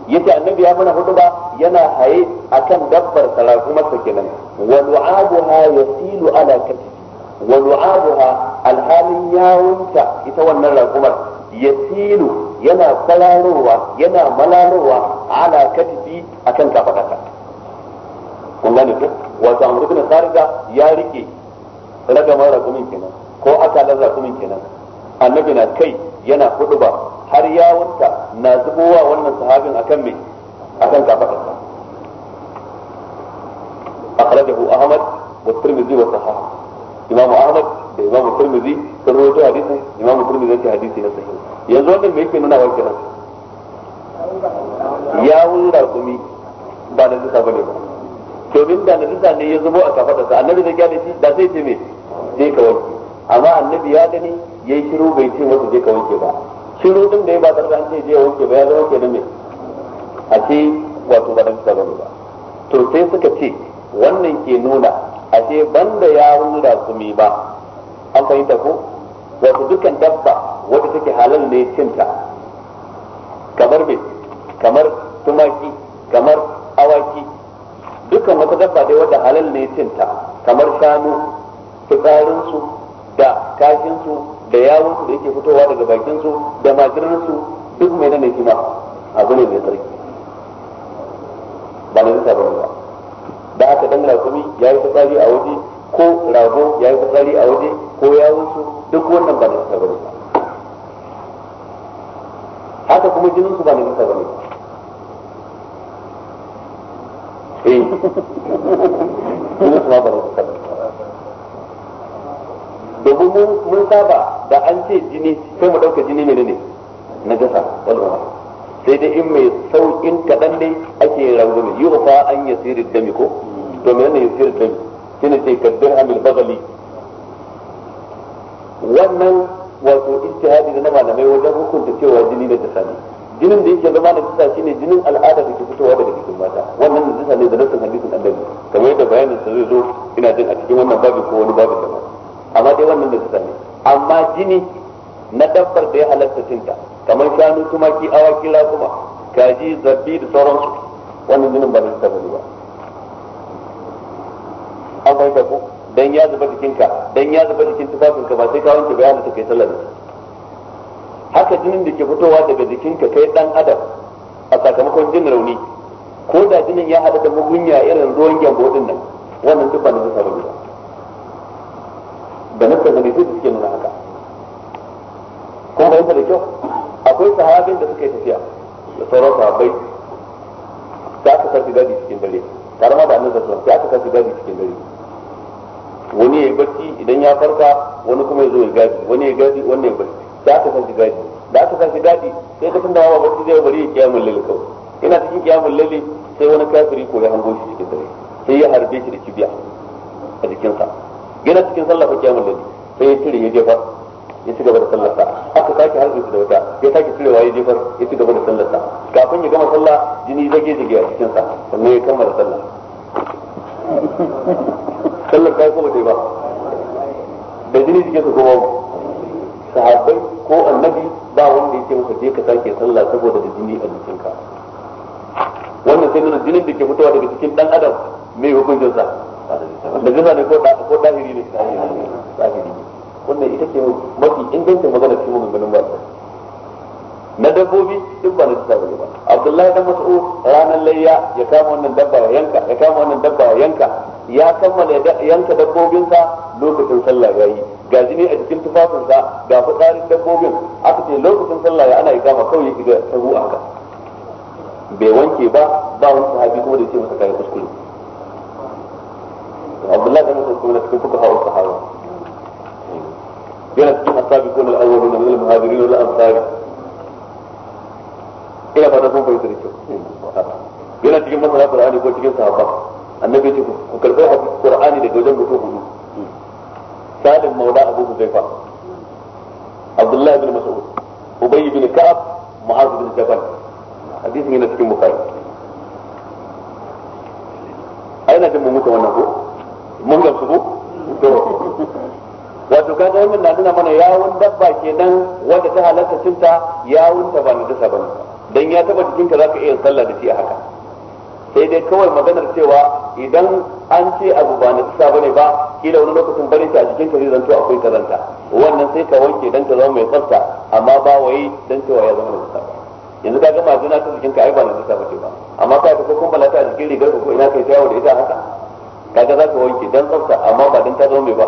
yace annabi ya mana ba yana haye akan dabbar sarakumarsa kenan wa lu'abuha yasilu ala kafi wa lu'abuha alhalin yawunta ita wannan rakumar yasilu yana kwararowa yana malarowa ala katifi akan kafadaka kun gane ko wato amru bin sarida ya rike ragamar rakumin kenan ko akalar rakumin kenan annabi na kai yana ba. har yawunta na zubowa wannan sahabin akan me akan kafadarsa akhrajahu ahmad wa turmizi wa sahih imamu ahmad da imamu tirmidhi sun rawaito hadisin imamu turmizi ya hadisi na sahih yanzu wannan me yake nuna wa kenan yawun rakumi ba da zuka bane ba domin da na najisa ne ya zubo a kafadarsa annabi zai gane shi da sai ce mai je ka wanke amma annabi ya gani ya yi shiru bai ce masa je ka wanke ba shiru din da ya ba da an ce je wuce ba ya zama ke da me a ce wato ba da ta ba to sai suka ce wannan ke nuna a ce banda ya rura su mi ba an fahimta ko wato dukkan dabba wadda take halal ne cinta kamar me kamar tumaki kamar awaki dukkan wata dabba dai wadda halal ne cinta kamar shanu fitsarinsu da kashinsu da yawon su da yake fitowa daga bakin su da magirin su duk mai nan kima abu ne mai tsarki ba na nisa ba ba da aka dan rakumi ya yi fitsari a waje ko rago ya yi fitsari a waje ko yawon su duk wannan ba na nisa ba haka kuma jinin su ba na nisa ba ne eh [LAUGHS] domin mun saba da an ce jini sai mu ɗauka jini ne ne na gasa walwa sai dai in mai saukin kaɗan ne ake rangumi yi rufa an yi siri dami ko to mai yi siri dami shi ne ce kaddar amil bazali wannan wato ijtihadi da na malamai wajen hukunta cewa jini da gasa ne jinin da yake zama da kisa ne jinin al'ada da ke fitowa daga jikin mata wannan da kisa ne da nasin hadisin annabi kamar yadda bayanin sa zai zo ina jin a cikin wannan babin ko wani babin daban amma dai wannan da su sani amma jini na dabbar da ya halatta cinta kamar shanu tumaki awaki raƙuma kaji zabbi da sauransu wannan jinin ba da su ba an fahimta ko dan ya zuba jikinka dan ya zuba jikin tufafinka ba sai ka wanke bayan ya kai sallar haka jinin da ke fitowa daga jikinka kai dan adam a sakamakon jin rauni ko da jinin ya haɗa da mugunya irin ruwan gyambo ɗin nan wannan duk ba na zuwa ba da nufin hadisi suke nuna haka kun fahimta da kyau akwai sahabin da suka yi tafiya da sauran sahabbai da aka sarki gadi cikin dare tare ma da annabi sallallahu alaihi aka sarki gadi cikin dare wani ya yi barci idan ya farka wani kuma ya zo ya gadi wani ya gadi wani ya barci da aka sarki gadi da aka sarki gadi sai ka tunda ma barci zai bari ya kiyamun lalle kawai ina cikin kiyamun lalle sai wani kafiri ko ya hango shi cikin dare sai ya harbe shi da kibiya a jikinsa gina cikin sallah fa kiyamul layli sai ya cire ya jefar ya ci gaba da sallarsa sa aka sake har shi da wuta ya sake cirewa ya jefar ya ci gaba da sallarsa sa kafin ya gama sallah jini zage zage a cikin sa sannan ya kammala sallah sallar ta kuma dai ba da jini cikin su kuma sahabbai ko annabi ba wanda ya ce maka je ka sake sallah saboda da jini a jikinka wannan sai nuna jinin da ke fitowa daga cikin dan adam mai hukuncin sa da gaza ne ko da ko dahiri ne dahiri wannan ita ce mafi ingancin magana cikin maganganun ba na dabbobi duk ba na ta bane ba abdullahi dan mas'ud ranar layya ya kama wannan dabba ya yanka ya kama wannan dabba ya yanka ya kammala yanka dabbobinsa lokacin sallah yayi gaji ne a jikin tufafinsa ga fitsarin dabbobin aka ce lokacin sallah ya ana ikama kawai ya shiga tabu aka bai wanke ba ba wani sahabi kuma da ce masa kai kuskure abdullahi da mutum kuma cikin fuka hawa sahaba yana cikin asabi ko na awwalu na mulal muhajirin wal ansari ina fata kun fahimta da kyau yana cikin masana qur'ani ko cikin sahaba annabi ce ku karɓi qur'ani daga wajen mutum hudu salim maula abu abdullahi bin mas'ud ubay bin ka'ab mu'adh bin jabal hadisin yana cikin bukhari aina da mu muka wannan ko mun gamsu ko to wato kaga na nuna mana yawun dabba kenan wanda ta halatta cinta yawun ta ba ni dasa bane dan ya taba cikin ka zaka iya sallah da shi a haka sai dai kawai maganar cewa idan an ce abu ba na dasa bane ba kila wani lokacin bari ta a jikin ka zai zanto akwai karanta wannan sai ka wanke dan ta zama mai tsafta amma ba wai dan cewa ya zama da dasa ba yanzu ka ga majina ta jikin ka ai ba na dasa ce ba amma ka ta kokon balata a jikin rigar ko ina kai ta yawo da ita haka kaga za ka wanke don tsafta amma ba dan ta zama mai ba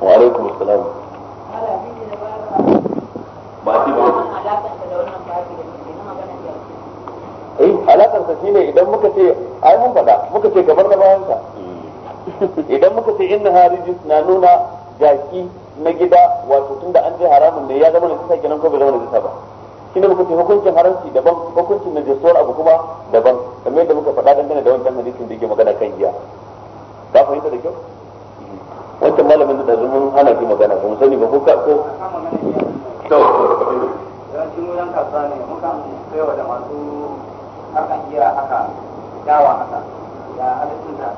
wa alaikum assalam ba ti ba eh alakar sa shine idan muka ce ai mun faɗa muka ce gabar da bayan sa idan muka ce inna harijis na nuna jaki na gida wato tunda an je haramun ne ya zama ne sai kenan ko bai zama ne ba shine muka ce hukuncin haramci daban hukuncin najasuwar abu kuma daban kamar yadda muka faɗa dangane da wancan hadisin da yake magana kan giya ka fahimta da kyau wancan malamin da mun hana ki magana ba mu sani ba ko ka ko to kaiwa da masu harkan haka dawa haka ya halittun da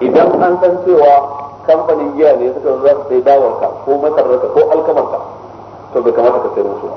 idan an san cewa kamfanin giya ne suka zo za su sai dawarka ko masararka ko alkamarka to bai kamata ka sayar musu ba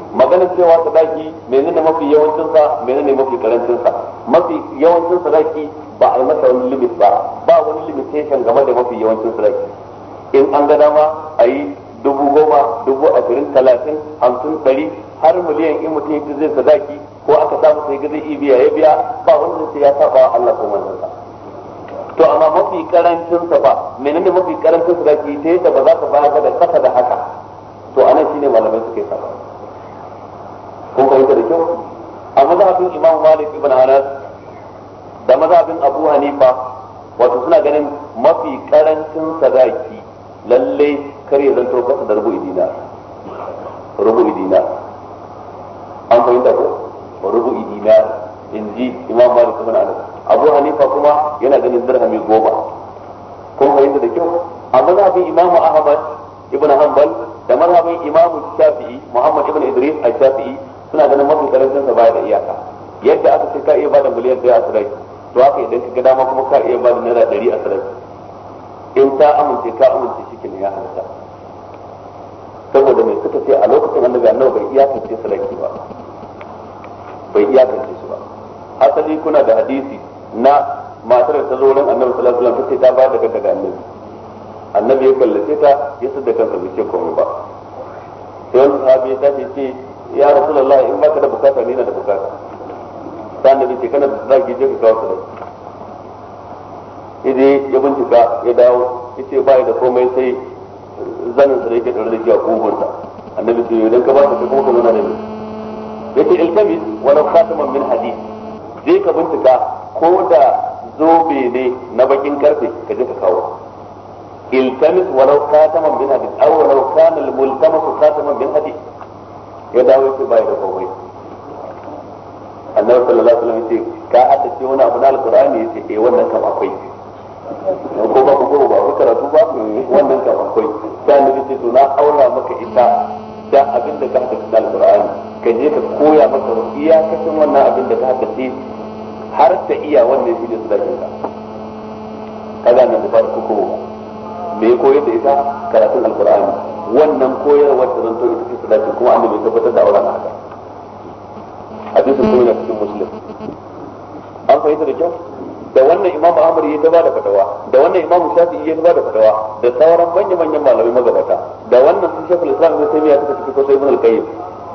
magana cewa sadaki menene mafi yawancin sa menene mafi karancin sa mafi yawancin sadaki ba a yi masa wani limit ba ba wani limitation game da mafi yawancin sadaki in an ga dama a yi dubu goma dubu ashirin talatin hamsin ɗari har miliyan in mutum yake zai sadaki ko aka samu sai zai iya biya ya biya ba wani sai ya saba Allah ko manzon sa to amma mafi karancin sa ba menene mafi karancin sadaki ta yadda ba za ka bayar da kasa da haka to anan shine malamai suke sa ko fahimta da kyau a mazhabin imam malik ibn anas da mazhabin abu hanifa wato suna ganin mafi karancin sadaki lalle kar ya zanto kasa da rubu'i idina. rubu'i dinar an fahimta ko rubu'i idina in ji imam malik ibn anas abu hanifa kuma yana ganin dirhami goma ko fahimta da kyau a mazhabin imam ahmad ibn hanbal da mazhabin imam shafi'i muhammad ibn idris al-shafi'i suna ganin mafi karancin sa baya da iyaka yadda aka ce ka iya bada miliyan ɗaya a sadaki to haka idan ka dama kuma ka iya bada naira ɗari a sadaki in ta amince ka amince shi ne ya halitta saboda mai suka ce a lokacin annabi annabi bai iyakance sadaki ba bai iyakance su ba asali kuna da hadisi na matar da ta zo annabi sallallahu alaihi wasallam ta ba da kanta ga annabi annabi ya kallace ta ya sadda kansa bai ce komai ba sai wani sahabi ya tashi ce ya rasulullah in baka da bukata ne na da bukata sai annabi ce kana da zaki je ka kawo ne idan ya bincika ya dawo ce bai da komai sai zanin sa da yake tare da shi a kogonta annabi ce idan ka ba ta kuma ka nuna da ni ce iltamis walau fatiman min hadis je ka bincika ko da zobe ne na bakin karfe ka je ka kawo iltamis walau kataman min hadid aw walau kana al multamas khataman min hadid ya dawo yace bai da komai annabi sallallahu alaihi wasallam yace ka haddace wani abu na alqur'ani yace eh wannan kam akwai dan ko ba ko ba ko karatu ba wannan kam akwai sai annabi yace to na aura maka ita da abin da ka haddace na alqur'ani ka je ka koya maka iyakacin wannan abin da ka haddace har ta iya wannan shi ne sadakin ka kaga nan da farko ko me koyi da ita karatun alqur'ani wannan koyarwar ta zanto ita ce sadakin kuma annabi ya tabbatar da auren haka hadisin kuma yana cikin muslim an fahimta da kyau da wannan imam ahmad ya ba da fatawa da wannan imam yi ya ba da fatawa da sauran manya manyan malamai magabata da wannan sun shafi lissafin ibn taymiya suka tafi ko sai ibn al-qayyim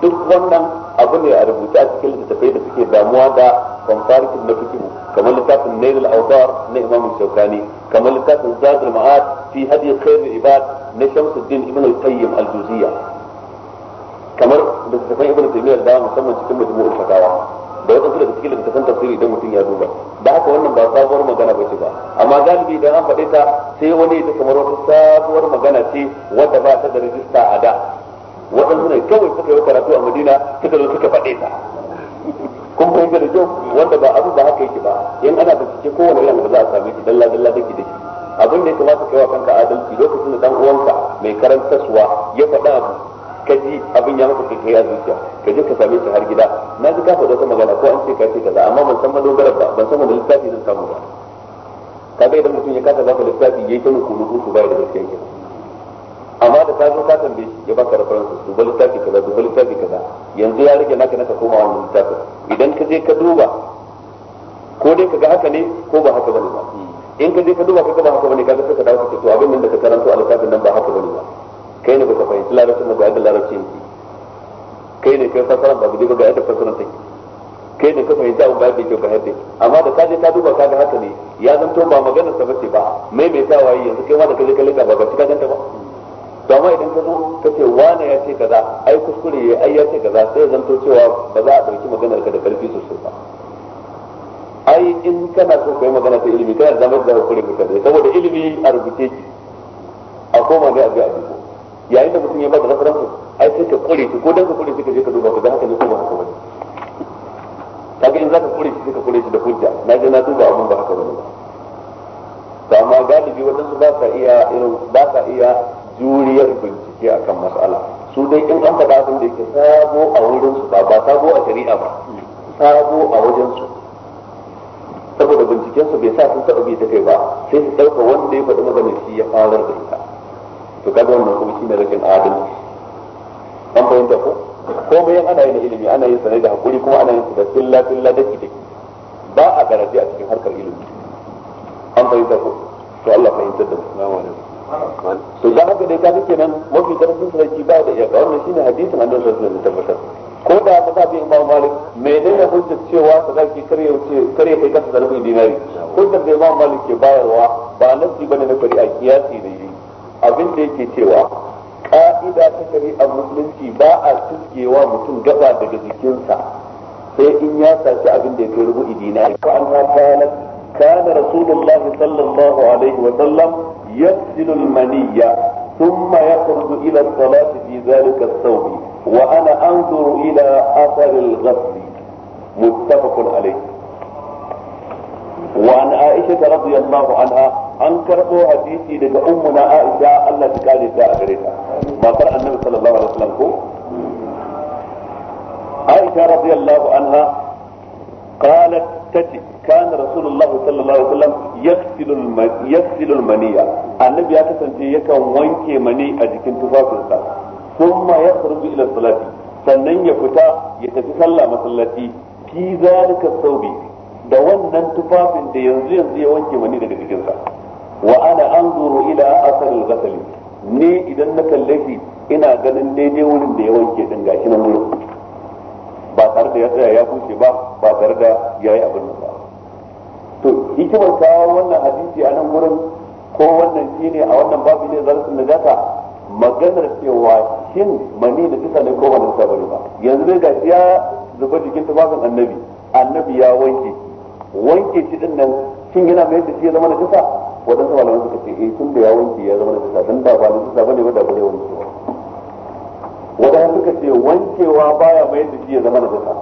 duk wannan abu ne a rubuce a cikin littattafai da suke damuwa da comparative na fikihu kamar littafin nail al-awdar na imam shaukani kamar littafin zad al-ma'ad fi hadi khair al-ibad na shamsuddin ibn al-qayyim al-juziyya kamar littattafai ibn taymiyyah da musamman cikin majmu'ul fatawa da wadansu daga cikin littattafan tafsiri idan mutum ya duba da haka wannan ba sabuwar magana ba ce ba amma galibi idan an faɗe ta sai wani ya kamar wata sabuwar magana ce wadda ba ta da rijista a da waɗansu ne kawai suka yi karatu a madina suka zo suka faɗe ta kun kai da kyau wanda ba abu ba haka yake ba in ana bincike kowane irin da za a same shi dalla dalla take da shi abin da ya kamata kai wa kanka adalci lokacin da dan uwanka mai karantarwa ya faɗa abu ka ji abin ya maka kai kai a zuciya ka je ka same shi har gida na ji ka faɗa wata magana ko an ce ka ce kaza amma ban san madogara ba ban san wani littafi zan samu ba kaga idan mutum ya kasa baka littafi yayi ta kunu rubutu bai da gaskiya kenan amma da ka zo ka tambaye shi ya baka references duba littafi kaza duba littafi kaza yanzu ya rage naka naka koma wannan littafin idan ka je ka duba ko dai ka ga haka ne ko ba haka bane ba in ka je ka duba ka ba haka bane kaga sai ka dawo ka to abin nan da ka karanto a littafin nan ba haka bane ba kai ne baka fahimci larabcin ba yadda larabcin yake kai ne kai fasara ba ga ga yadda fasara take kai ne ka fahimci abu ba yadda yake ba yadda amma da ka je ka duba kaga haka ne ya zanto ba maganar sa bace ba maimaitawa yanzu kai ma da ka je ka lika ba ba ci ka ganta ba amma idan ka zo ka ce wane ya ce kaza ai kuskure ya ai ya ce kaza sai zanto cewa ba za a ɗauki maganar ka da ƙarfi sosai ba ai in kana so yi magana ta ilimi kana zama da kure ka dai saboda ilimi a rubuce ki a koma abu a ga yayin da mutum ya ba bada reference ai sai ka kure shi ko dan ka kure shi ka je ka duba ka ga haka ne ko ba haka bane kaga in ka kure shi sai ka kure shi da hujja na je na duba abun ba haka ba ne ba amma galibi wadansu ba sa iya irin ba sa iya juriyar bincike akan mas'ala su dai in an faɗa sun da yake sabo a wurin su ba ba sabo a shari'a ba sabo a wajen su saboda binciken su bai sa sun taɓa bi ta kai ba sai su ɗauka wanda ya faɗi magana shi ya farar da ita to kaga wannan kuma shi ne rashin adalci an fahimta ko komai ana yin ilimi ana yin sanai da hakuri kuma ana yin su da filla filla da ki ba a garaje a cikin harkar ilimi an fahimta ko to Allah fahimtar da mu na wani to da haka dai kaji kenan mafi karfin sarki ba da iyaka wannan shine hadisin annabi sallallahu alaihi wasallam ko da maka bi imam malik me ne ya hujja cewa ki kare wuce kare kai kasa da rubin dinari hujjar da imam malik ke bayarwa ba nafsi bane na a kiyasi da yi abin da yake cewa ka'ida ta a musulunci ba a tuskewa mutum gaba daga jikinsa sai in ya saci abin da ya kai rubu'i dinari ko an ha kana kana rasulullahi sallallahu alaihi wa sallam يغسل المنية ثم يخرج إلى الصلاة في ذلك الثوب وأنا أنظر إلى أثر الغسل متفق عليه وعن عائشة رضي الله عنها أن كربوا حديثي لك أمنا عائشة الله تكالي تأخرها ما قال النبي صلى الله عليه وسلم عائشة رضي الله عنها قالت تجد كان رسول الله صلى الله عليه وسلم يغسل يغسل المنية النبي ya kasance yakan wanke mani a jikin tufafinsa ثم يخرج الى الصلاه sannan ya fita ya tafi sallah masallaci fi zalika saubi da wannan tufafin da yanzu yanzu ya wanke mani daga jikinsa wa ana anzuru ila asar al ne idan na kalle shi ina ganin daidai wurin da ya wanke din gashi nan ba tare da ya tsaya ya bushe ba ba tare da yayi abin nan ba to hikimar kawo wannan hadisi a nan gurin ko wannan shi ne a wannan babu ne zarfin najata maganar cewa shin mani da kisa ne ko ba da ba yanzu dai ga ya zuba jikin tufafin annabi annabi ya wanke wanke shi din nan shin yana mai da shi ya zama da kisa wadansu malamai suka ce eh tun da ya wanke ya zama da kisa dan da ba da kisa bane ba da ba zai wanke ba wadansu suka ce wankewa baya mai da shi ya zama da kisa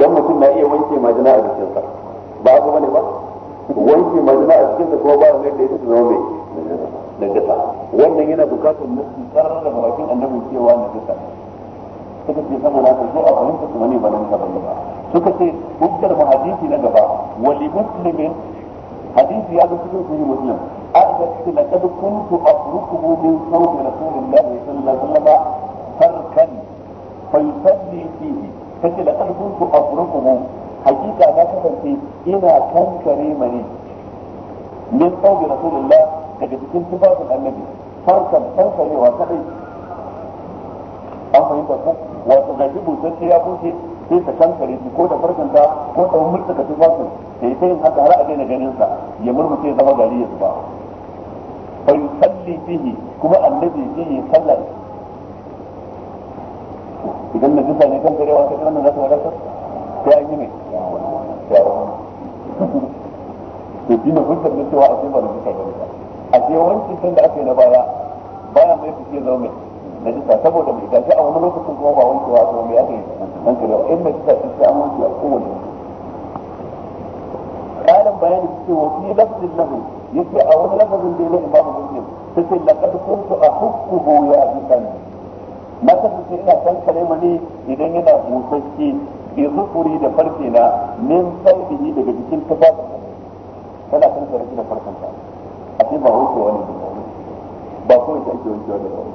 dan mutum na iya wanke majina a jikinsa ba a bane ba wanki majina a cikin da kuma ba mai da yake zama mai najasa wannan yana bukatar nasu tsarar da bakin annabi cewa najasa suka ce saboda haka so a fahimta su wani ba nan ba suka ce hujjar mu na gaba wali muslimin hadisi ya zo cikin sahih muslim aisha ce laqad kuntu afrukuhu min sawti rasulillahi sallallahu alaihi wasallam farkan fa yusalli fihi kace laqad kuntu afrukuhu hakika na kasance ina kankare mani min tsawbi rasulullah daga cikin tufafin annabi farkan kankarewa kadai an fahimta ko wato gashi busar ya bushe sai ta kankare shi ko da farkon ta ko ta murta ka tufafin da ita yin haka har a daina ganin sa ya murmuce ya zama gari ya zuba fa yusalli fihi kuma annabi shi ya sallar idan na jisa ne kankarewa ta kan za ta wadatar sai an yi ne to shi ne hujjar da cewa a ce ba da duka ba a ce wancan can da aka yi na baya baya mai fice zama mai na jisa saboda mai gashi a wani lokacin kuma ba wankewa a kuma mai aka yi an kare wa inda jisa ta sai an wanke a kowane ƙarin bayani ce wa fi lahu yake a wani lafazin da ya na imamu muslim ta ce kuntu a hukku ya bisan na kasance ina kankare mani idan yana busasshe bi sufuri da farce na min sauƙi daga jikin tufafin tana kan sarki da farkon ta a ce ba wuce wani ba kuma ta ake wucewa da wani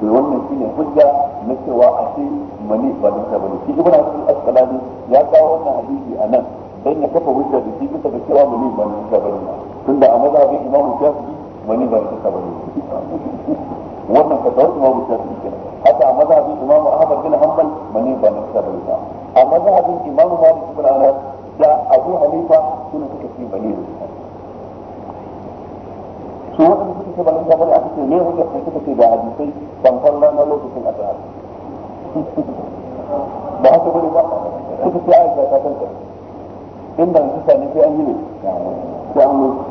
to wannan shine hujja na cewa a ce mani ba da ta bane shi ibn hasan al-asqalani ya kawo wannan hadisi a nan dan ya kafa hujja da shi bisa da cewa mani ba da ta bane tunda a mazhabin imamu shafi'i mani ba da ta bane wannan fatawar imamu shafi'i kenan haka a mazhabin imamu ahmad bin hanbal mani ba da ta bane amma za a mazhabin imamu ma da ibn anas da abu hanifa suna suka fi bane su waɗanda suka ce bane bane a cikin ne hujjar sun suka ce da hadisai tamfar na lokacin a tsara ba haka bane ba suka ce a aisha ta kanta inda su ne sai an yi ne sai an wuce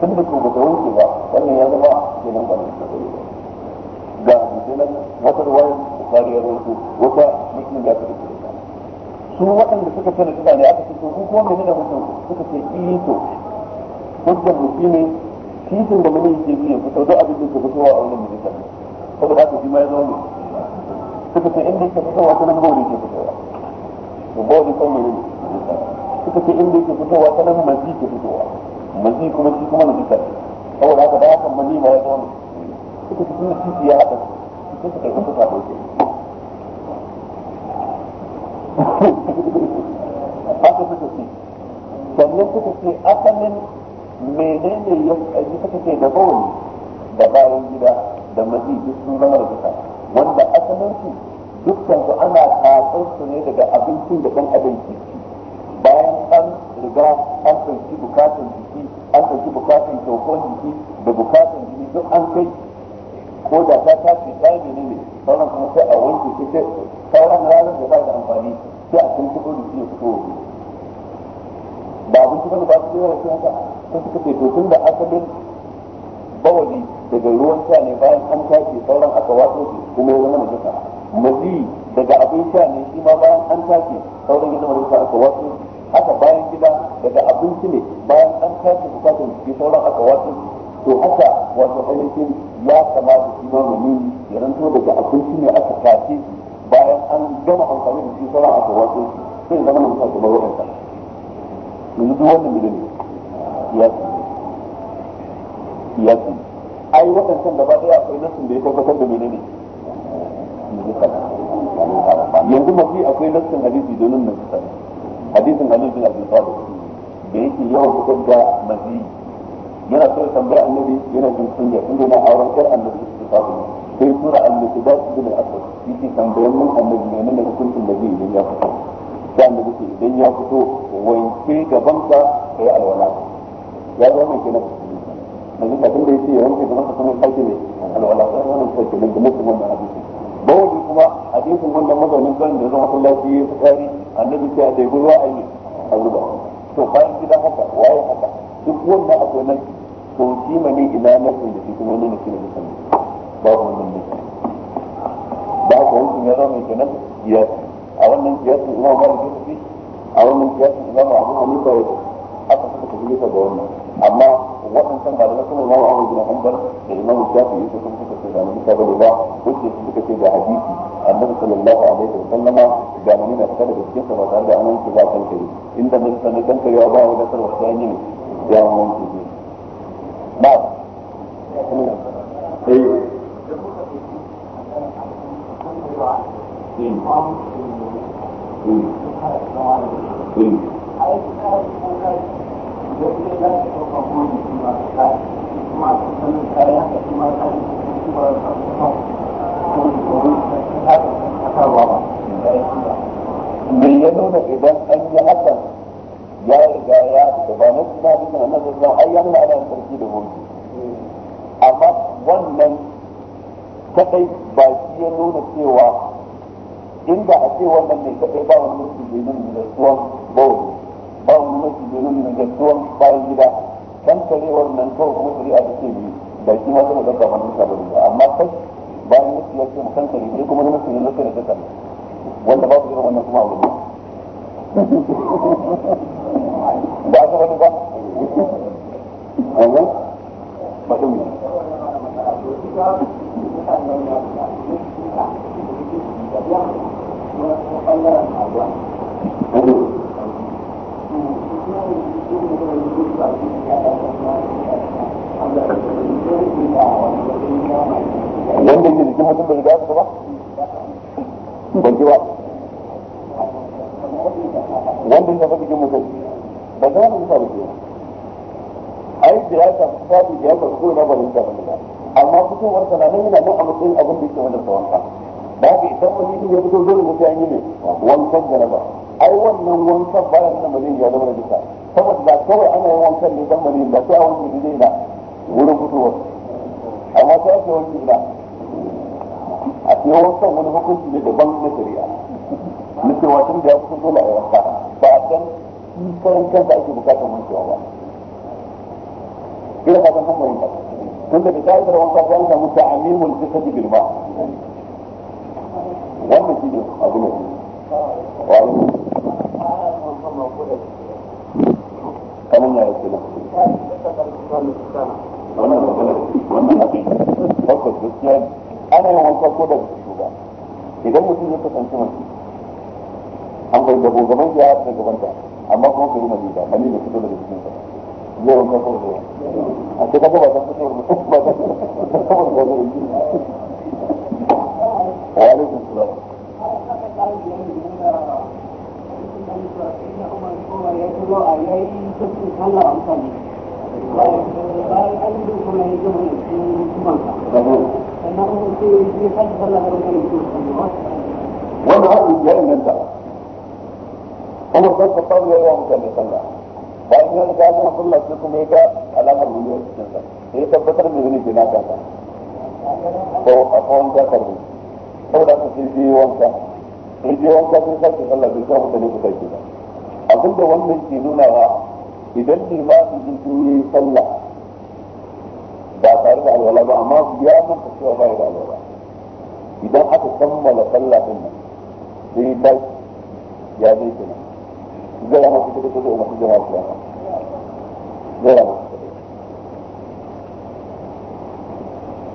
tun da ko ba wuce ba wannan ya zama ke nan ba ga hadisai nan wata ruwayar bukari ya rawaito wata mutum ya ta su waɗanda suka ce da na ne aka ce kuma mai menene mutum suka ce eh to hujjar mu ne titin da mun yake biye ku sau da abin da ke fitowa a wannan majalisa saboda haka shi ma ya ne suka ce inda ke fitowa ta nan bawai ke fitowa to bawai kan menene suka ce inda ke fitowa ta nan mazi ke fitowa mazi kuma shi kuma majalisa saboda haka da haka mazi ma ya ne suka ce shi da titi ya haɗa suka ce ko ke haka sannan suka ce asalin menene ya kaji eh, suka ce da bawani da bayan gida da mazi duk sun zama da kusa wanda asalin su dukkan su ana tatsar su ne daga abincin da ɗan adam ke ci bayan an riga an ɗauki bukatun jiki an ɗauki bukatun kyautar jiki da bukatun jini duk an kai ko da ta tashi tsari ne ne sauran kuma sai a wanke shi ce sauran ranar da ba da amfani sai a cikin kudu da shi ya fito ba abinci bane ba su yi wa haka sun suka ce to tun da asalin bawali daga ruwan sha ne bayan an tashi sauran aka wato shi kuma ya zama najasa mazi daga abin sha ne shi ma bayan an tashi sauran ya zama najasa aka watsa haka bayan gida daga abinci ne bayan an tashi bukatun ke sauran aka su. to haka wato ainihin ya kamata shi ma mu ya ranto daga abinci ne aka tace bayan an gama amfani da shi sauran aka wato shi sai zama na mutane kamar wadanda yanzu duk wannan gidan ya ce ya ce ai waɗancan da ba ɗaya akwai nasin da ya tabbatar da menene yanzu mafi akwai nasin hadisi domin nasu hadisin halittin abin da yake yawan fitar da maziyi yana so tambaya annabi yana jin kunya inda na auren kar annabi su ta kuma sai tura annabi da su da asar yake tambayan mun annabi ne nan da hukuncin da zai ya fito sai annabi ce idan ya fito wanke gaban ka kai alwala ya zo mai kenan yanzu ka tunda yace wanke gaban ka kuma sake ne alwala sai wannan sake ne da mutum wannan hadisi bawani kuma a hadisin wannan mazaunin garin da zama kullaci ya fi tsari annabi ce a dai ruwa a yi a ruba to bayan gidan haka waye haka duk wannan akwai nan to shi ma ne ila nafi da shi kuma wani ne kira da sani babu wannan ne da aka wanki ya zama kenan ya a wannan kiyasin imam malik ya tafi a wannan kiyasin imam abu hanifa ya aka saka tafi bisa ga wannan amma waɗancan ba da nasu imam abu bin hanbal da imam shafi ya tafi suka ce da mun ta bane ba wacce suka ce da hadisi annabi sallallahu alaihi wa sallama da mun na tsada da cikin sa ba tare da an wanke ba kan kare inda mun sanin kan karewa ba wa da sarwa sai ne ya wanke shi ba eh Mm. Mm. Mm. ce wannan ne kaɗai ba wani mulki da yin gaskiyar bauri ba wani mulki da yin gaskiyar bayan gida kan karewar nan kawai kuma shari'a ta ce biyu da shi ma da kamar nisa karan kansa ake bukatar wankewa ba ina tun da wanka wannan shi ne abu ne wani kamar na ana yin wanka ko da idan mutum ya kasance an bai gabo gaban ya gaban جی جی wanka karbi saboda ka sai wanka sai je wanka sai sake sallah bai sa mutane su sake ba abinda wannan ke nuna wa idan limamin jirgin a yi sallah ba tare da alwala ba amma ya manta cewa ba da alwala idan aka kammala sallah din nan sai ya ya zai kenan zai su kudu kudu masu jama'a su rama zai rama su kudu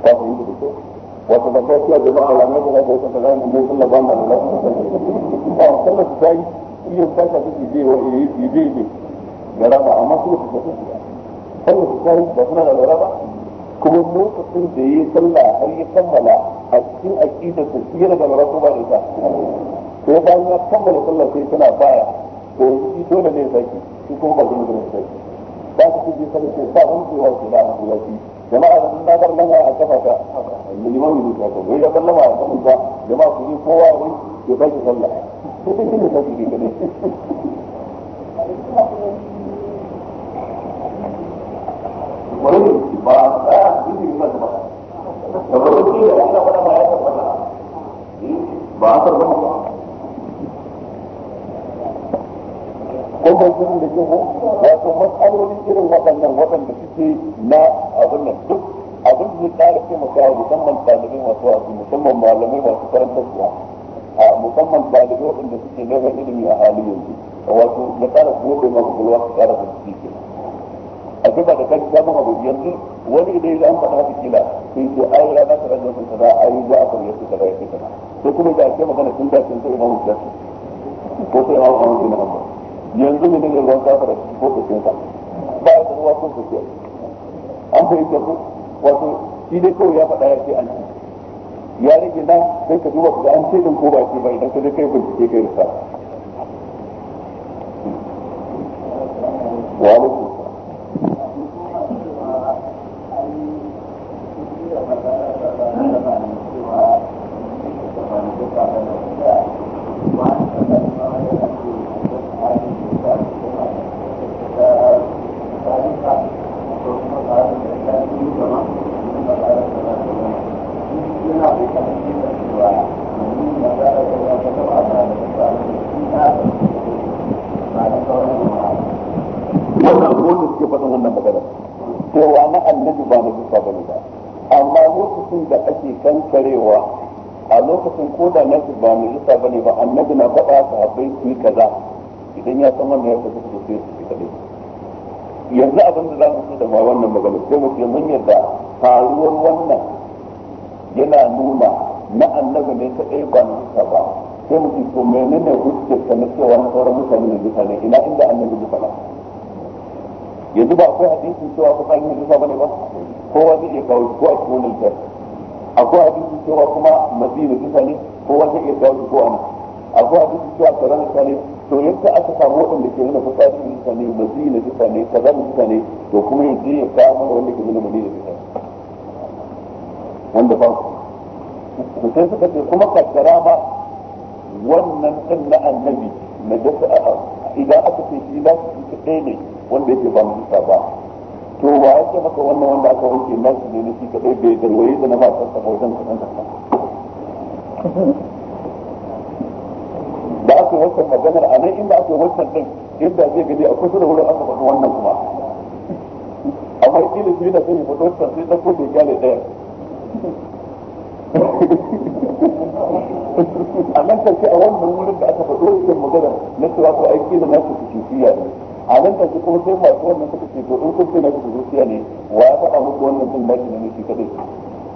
ta fahimta da kyau wato ba sai ya jama'a la ne da sai ta zama mun kula ban da Allah ba kuma su dai yin fasa su je wa yi yi je da raba amma su su su kuma su dai ba suna da raba kuma lokacin da yi sallah har ya kammala a cikin aqida su tsira da rabu ba da ita sai bayan ya kammala sallah sai tana baya to shi dole ne sai shi kuma ba zai zai sai ba su ji sallah sai ba wani wa da Allah ya jama'a da na sallama a kafa ta da liman mu ta ko wai da sallama a kafa ta jama'a ku yi kowa wai ya ba ki sallah ko kin ne ta ki ne wani ba ta yi ne ba ta ba da ba ki da Allah ba ya tabbata hmm? ba a tabbata ba ko bai shirin da ke ko wato matsaloli irin waɗannan waɗanda suke na abin nan duk abin da zai ƙara taimakawa musamman ɗalibai masu wasu musamman malamai masu karantar suwa a musamman ɗalibai waɗanda suke neman ilimi a halin yanzu wato ya kuma buɗe ma kwakwalwa su ƙara bincike ke a duba da kan samun abu yanzu wani idan ya an faɗa haka kila sai ce ai rana ta rana sun kaza ai za a kwarye su kaza ya ce kaza sai kuma da ake magana sun dace sai imamu shafi ko sai imamu wani na hamba yanzu ne ne ruwan safa da ko sun ka ba ya ruwa kun kuke an fahimta ku wato shi dai kawai ya faɗa ya ce an ci ya rage nan sai ka duba ga an ce din ko ba ce ba idan ka je kai ke kai sa wa alaikum cewa kuma bane ba kowa zai iya kawo ko a cikin cewa kuma mazi ne kowa zai iya kawo ko akwai cewa ne to yadda aka samu waɗanda ke nuna ne mazi ne kaza ne to kuma ya je ya kawo mana wanda ke nuna mazi wanda ba ku sai suka ce kuma kaddara ba wannan ɗin na annabi na idan aka ce shi ɗaya ne wanda yake ba mu ba to ba ake maka wannan wanda aka wanke na shi ne shi kadai bai dalwaye da na ba ta sabo wajen kadan kadan da aka wancan maganar a nan inda aka wancan din inda zai gani a kusa da wurin aka faɗi wannan kuma amma kila shi da sani faɗi wancan sai ɗauko bai gane ɗaya a nan karshe a wannan wurin da aka faɗi wancan maganar na cewa ko aiki da nasu kusurfiya ne a nan da su kuma sai masu wannan suka ce to in kun ce na kuka zuciya ne wa ya faɗa muku wannan jin baki ne shi kadai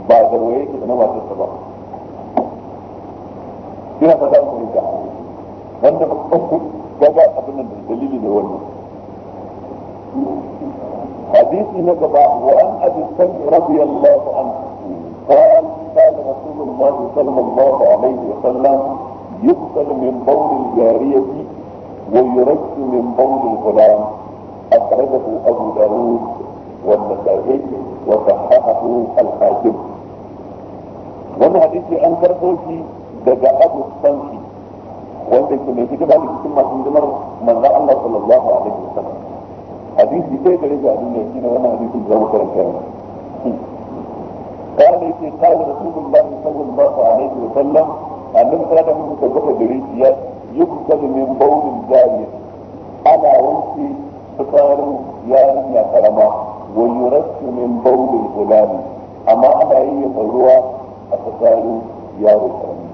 ba garwaye yake da na matarsa ba ina fata ku rinka wanda ba ku gaga abin nan da dalili ne wannan حديث نبأ وعن أبي السلم رضي الله عنه قال قال رسول الله صلى الله عليه وسلم يقتل من بول الجارية ويرد من قول الغلام أخرجه أبو داود والنسائي وصححه الحاكم wani hadisi an karɓo shi daga abu sanki wanda ke mai shiga bani cikin masu jimar manzo Allah sallallahu alaihi wasallam hadisi sai gare shi a duniya shi ne wani hadisi da zama karanta yana kawai da yake kawo da tuɗin bani sallallahu alaihi wasallam a nan sarata mutu ta gaba gare shi ya yukal min bawlin jariya ana wanke fitsarin yarinya karama wa yurassu min bawlin gulami amma ana yin ruwa a fitsarin yaro karami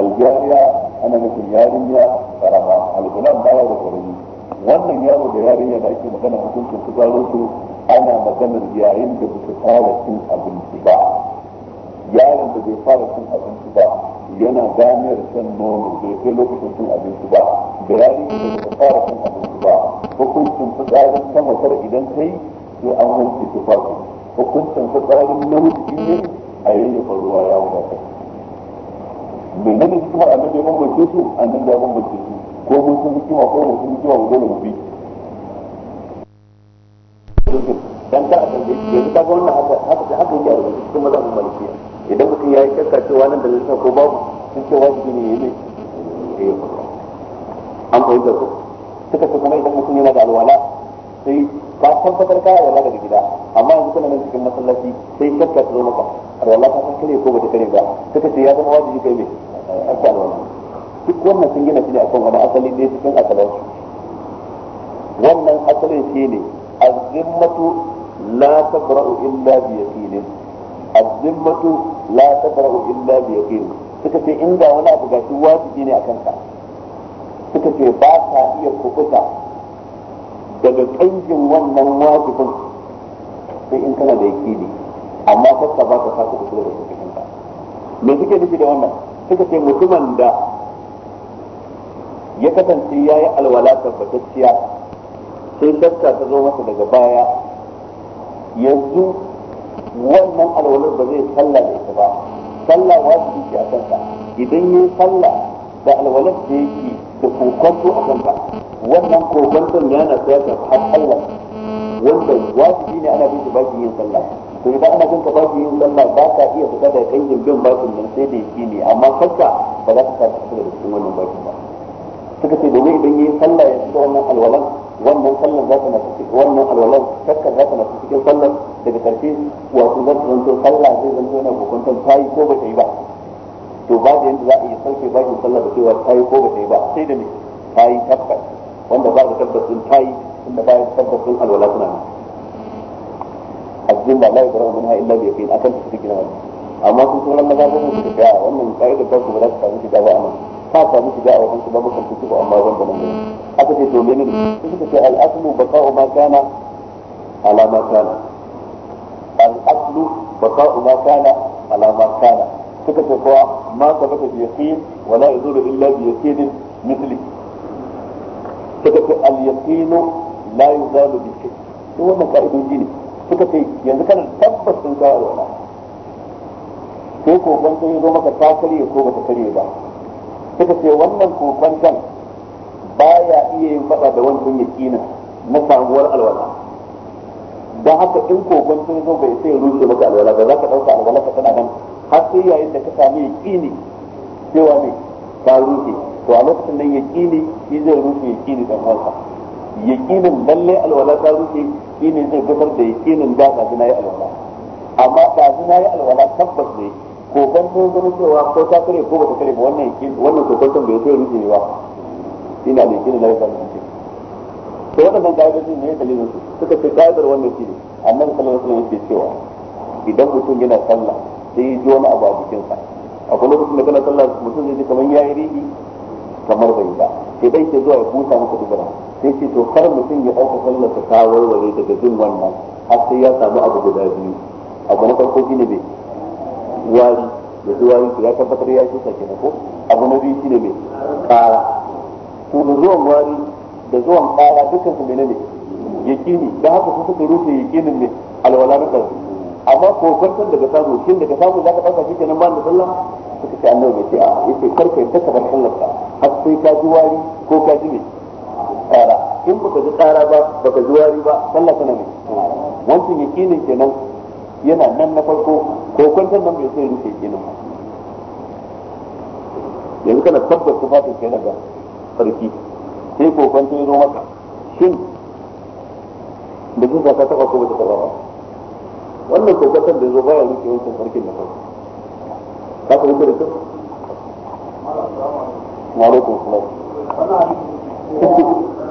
aljariya ana nufin yarinya karama algulam baya da karami wannan yaro da yarinya da ake magana hukuncin fitsarin su ana maganar yayin da ba su fara cin abinci ba yaron da bai fara cin abinci ba yana damar san nono da kai lokacin cin abinci ba da yi da ba fara cin abinci ba hukuncin fitsarin sama kar idan yi sai an wanke tufafi hukuncin fitsarin namiji ne a da faruwa ya wadata menene hikimar annabi ya bambance su da ya bambance su ko mun san hikima ko mun san hikima ba dole mu bi dan ta da ta ga wannan haka haka haka ya rubuta cikin mazhabin malikiya idan mutum ya yi shakka cewa nan da lalata ko babu sun ce wajibi ne yayi ne eh, an fahimta ko suka ce kuma idan mutum yana da alwala sai ka tabbatar ka alwala daga gida amma yanzu kana nan cikin masallaci sai shakka ta zo maka alwala ta kare ko bata kare ba suka ce ya zama wajibi kai ne an ta alwala duk wannan sun gina shi ne akan wani asali ne cikin asalansu wannan asalin shi ne azimmatu la tabra'u illa bi yaqinin az la tabra'u illa bi yaqin suka ce inda wani abu duk wajibi ne akan ka suka ce ba ka iya kubuta daga kangin wannan wajibin sai in kana da yaqini amma kasta ba ka saka kubuta daga cikin ka me suke nufi da wannan suka ce mutumin da ya kasance ya yi alwala tabbatacciya sai shakka ta zo masa daga baya yanzu wannan alwalar ba zai sallah da ita ba sallah wajibi ce a kansa idan yi sallah da alwalar da yake da kokonto a kansa wannan kokonton ya na tsaya ta har Allah wanda wajibi ne ana bin shi bakin yin sallah to idan ana bin ka bakin yin sallah ba ka iya fita da kangin bin bakin nan sai da yake ne amma kanka ba za ka sa ka fita da cikin wannan bakin ba suka ce domin idan yi sallah ya fita wannan alwalar wannan sallar za ta nasu cikin wannan alwalar shakkar za ta nasu cikin sallar daga karshe wato za ta zanto sallah zai zanto yana hukuntar ta yi ko ba ta yi ba to ba da yadda za a yi sauke bashin sallar da cewa ta yi ko ba ta yi ba sai da me ta yi tabbas wanda ba da tabbacin ta yi inda ba da tabbacin alwala suna nan addin ba la yabrahu minha illa bi yaqin akan ta cikin wannan amma sun sauran mazhabin su da wannan ka'idar ta ku ba za su samu shiga ba a nan ta sami shiga a wajen shiga mukan fito amma ban da nan ne mm. aka ce to menene sai mm. suka ce al-aslu baqa'u ma kana ala ma kana al-aslu baqa'u ma kana ala ma kana suka ce kuwa ma sabata bi yaqin wa la yaduru illa bi yaqin mithli suka ce al-yaqin la yuzalu bi shakk to wannan ka'idoji ne suka ce yanzu kana tabbas sun kawo alwala ko ko ban sai zo maka ta karye ko ba ta karye ba suka ce wannan kokon kan ba ya iya yin faɗa da wancan yakinin na samuwar alwala don haka in kokon sun zo bai sai rushe maka alwala ba za ka ɗauka alwala ka tana nan har sai yayin da ka sami yakini cewa ne ka rushe to a lokacin nan yakini shi zai rushe yakini dan ya yakinin lalle alwala ta rushe shi ne zai gabar da yakinin da ga zina ya alwala amma ba zina ya alwala tabbas ne kokon sai ganin cewa ko ta kare ko bata kare ba wannan wannan kokon tun bai kai rufe ba ina da kina da kan shi to wannan gaidoji ne dalilin su suka ce gaidar wannan shi annabi sallallahu alaihi wasallam yake cewa idan mutum yana sallah sai ya ji wani abu a jikinsa akwai lokacin da kana sallah mutum zai ji kamar yayi rigi kamar bai ba sai dai ke zuwa ya busa maka dubura sai ce to kar mutum ya ɗauka sallar ta warware daga jin wannan har sai ya samu abu guda biyu abu na farko shine bai wari da ji wari ya tabbatar ya shi sake ko abu na biyu shine mai kara ko da zuwan wari da zuwan kara dukkan su menene yakini da haka su suka rufe yakinin mai alwala rukar amma ko kwantar daga samu shin daga samu za ka ɗauka shi kenan ba da sallah suka ce annabi ce a yake karfe ta ka bar sallar ka har sai ka ji wari ko ka ji mai kara in baka ji kara ba baka ji wari ba sallah tana mai wancan yakinin kenan yana nan na farko ko kwantar nan bai sai rufe kenan yanzu kana tabbata tufafin kai daga sarki sai ko kwantar zo maka shin da jinsa ta taba ko bata taba ba wannan kwantar da zo baya rufe wancan sarkin na farko ka ka rufe da kyau wa ba salam wannan hadisi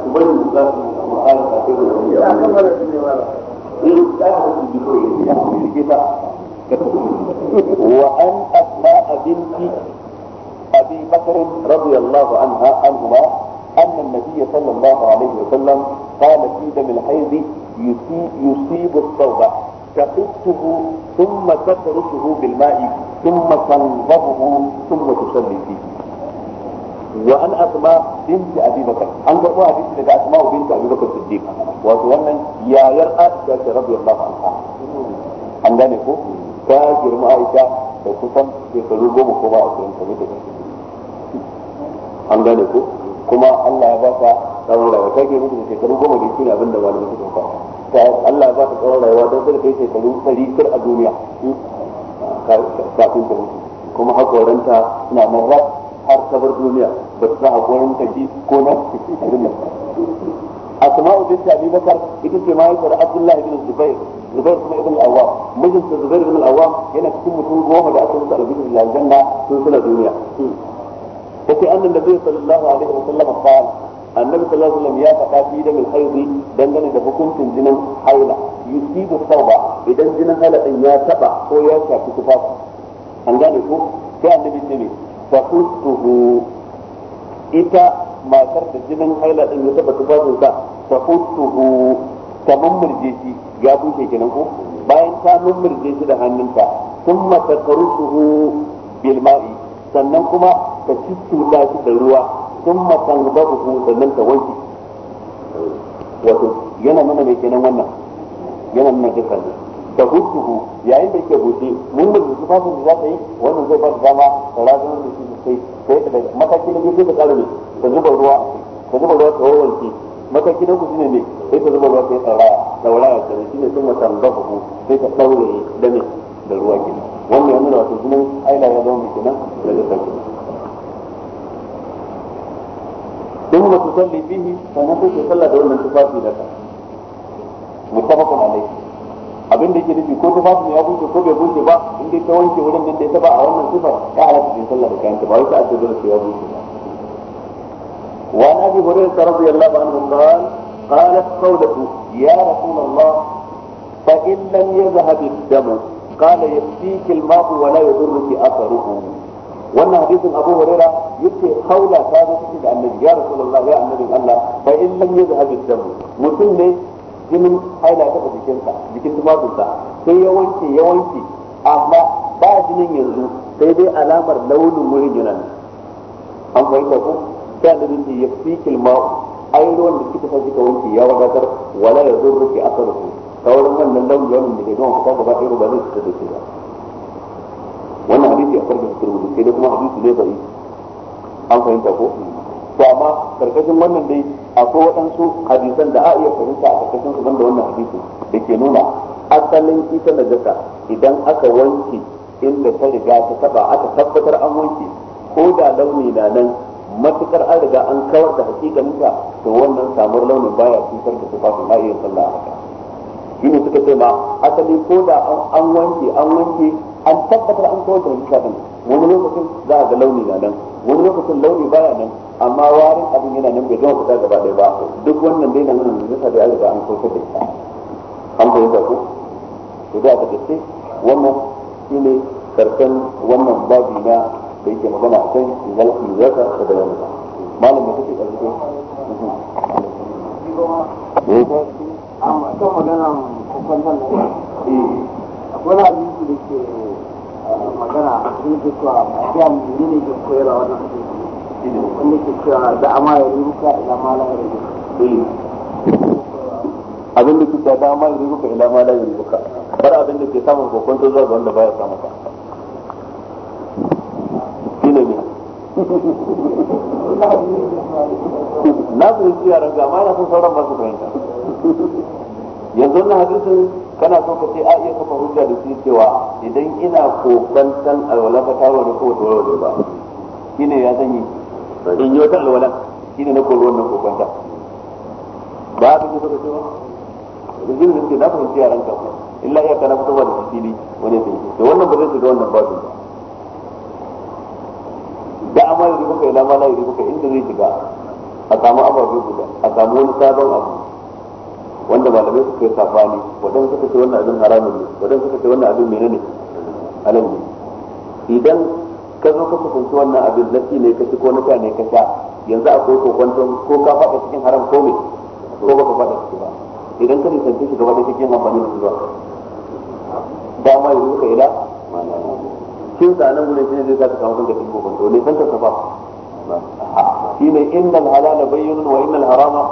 ubangiji da su ta kai da وأن أسماء بنت أبي بكر رضي الله عنها عنهما أن النبي صلى الله عليه وسلم قال في دم الحيض يصيب الثوب تقصه ثم تفرشه بالماء ثم تنضبه ثم تصلي فيه wa an asma binti abi bakar an karbo hadisi daga asma binti abi bakar siddiq wato wannan yayar aisha ta radiyallahu anha an ne ko ta girma aisha da kusan shekaru goma ko ba a cikin kamar da an gane ko kuma Allah ya ba ta tsawon rayuwa ta ke mutu goma da shine abin da malamai suka ta Allah ya ba ta a duniya kafin ta mutu kuma hakoranta suna har ta bar duniya ba ta haƙorin ko na abin asma'u bakar ita ce mahaifiyar abdullahi bin zubair zubair kuma ibn al-awwam mijinta zubair yana cikin mutum goma da aka rubuta albishir aljanna sun suna duniya yace annan nabi sallallahu alaihi wa sallam qala annabi sallallahu alaihi wa sallam ya faɗa fi da min haidi dangane da hukuncin jinin haila yusibu tauba idan jinin haila din ya taba ko ya shafi tufafi an gane ko sai annabi ce fa ita matar da jinin haila din ya taba tufafin sa fa hutuhu ta mummurje shi ya bushe kenan ko bayan ta mummurje shi da hannunta thumma takarusuhu bil ma'i sannan kuma ta cuccuɗa shi da ruwa sun thumma tanbahu sannan ta wanke wato yana nuna mai kenan wannan yana nuna dukkan da hutuhu yayin da yake bude mun da su fasin da za ta yi wannan zai ba da dama da razan da shi da sai sai da mataki na biyu da karami tsara ta zuba ruwa ta zuba ruwa ta warwanke mataki na uku shine ne sai ta zuba ruwa ta yi tsaraya da waraya ta shi ne sun wata ba ku sai ta ɗaure da ne da ruwa ke wannan ya nuna wato jinin aila ya zama mai kenan daga sarki ثم تصلي فيه فنحن da wannan tufafi da لك متفق عليه abin da yake nufi ko tufafin ya bushe ko bai bushe ba in dai ta wanke wurin da ta ba a wannan sifar ya halatta cikin sallar da kayan ta ba wai ta ajiye dole sai ya bushe ba وعن ba هريره رضي الله عنه قال قالت قولته يا رسول الله فان لم يذهب الدم قال يكفيك الماء ولا يضرك اثره wannan hadisin abu huraira yace kaula ta zo cikin da annabi ya rasulullah ya annabi Allah fa in lam yadhhab ad-dam mutum ne jinin haila taɓa jikinsa jikin tufafinsa sai ya wanke ya wanke amma ba jinin yanzu sai dai alamar launin wurin jinan an fahimta ko sai da rinji ya fi kilma ai ruwan da kika sa kika wanke ya wadatar wala ya zo rufe ku ta wurin wannan launin yawon da ke gama fita gaba ɗaya ba zai fita da shi ba wannan hadisi a farko su turmi sai dai kuma hadisi ne bai an fahimta ko to amma karkashin wannan dai akwai waɗansu hadisan da a iya fahimta a cikin su banda wannan hadisi da ke nuna asalin ita najasa idan aka wanke inda ta riga ta taba aka tabbatar an wanke ko da launi na nan matukar an riga an kawar da hakikaninta to wannan samuwar launin baya cutar da tufafin a iya sallah haka shi ne suka ce ma asali ko da an wanke an wanke an tabbatar an kawar da hakikanin wani lokacin za a ga launi na nan wani lokacin launi baya nan amma warin abin yana nan bai gama fita gaba ɗaya ba duk wannan dai nan nan nisa da ya an kautar da ita an bai da ku to da aka dace wannan ne karshen wannan babi na da yake magana a kan zalfi zaka da bayan ka malamin kake karfi ne ko amma magana akwai hadisi da ke ah, magana a cikin cewa ya mu ne ke koyarwa wannan hadisi wanda ke cewa da ya ila ma la ya abin da ke da ya rubuka ila ma la ya rubuka bar abin da ke samun kokonto zuwa ga wanda baya samu ka shine ne na fahimci yaran ga ma na son sauran masu fahimta yanzu na hadisin kana so ka ce a iya kafa hujja da shi cewa idan ina kokon san alwala ka tawo da ko ba shine ya zanyi in yi wata shi ne na koro wannan kokonta ba a cikin saka cewa yanzu da suke na fahimci yaran ka illa iya kana fitowa da fili wani sai to wannan ba zai shiga wannan babu ba da amma yuri yi ila ma la yuri baka inda zai shiga a samu ababe guda a samu wani sabon abu wanda malamai suka yi safani waɗanda suka ce wannan abin haramun ne waɗanda suka ce wannan abin menene halal ne idan ka zo ka kusanci wannan abin nasi ne ka ci ko nuka ne ka sha yanzu a koko kwanton ko ka faɗa cikin haram ko me ko baka faɗa ciki ba idan ka nisanci shi gaba da cikin amfani da zuwa ma yi ka ila shin sa nan gudun shi ne zai sa ka samu ko kwanto ne san ka ba shi ne inda halala bayyanun wa inda harama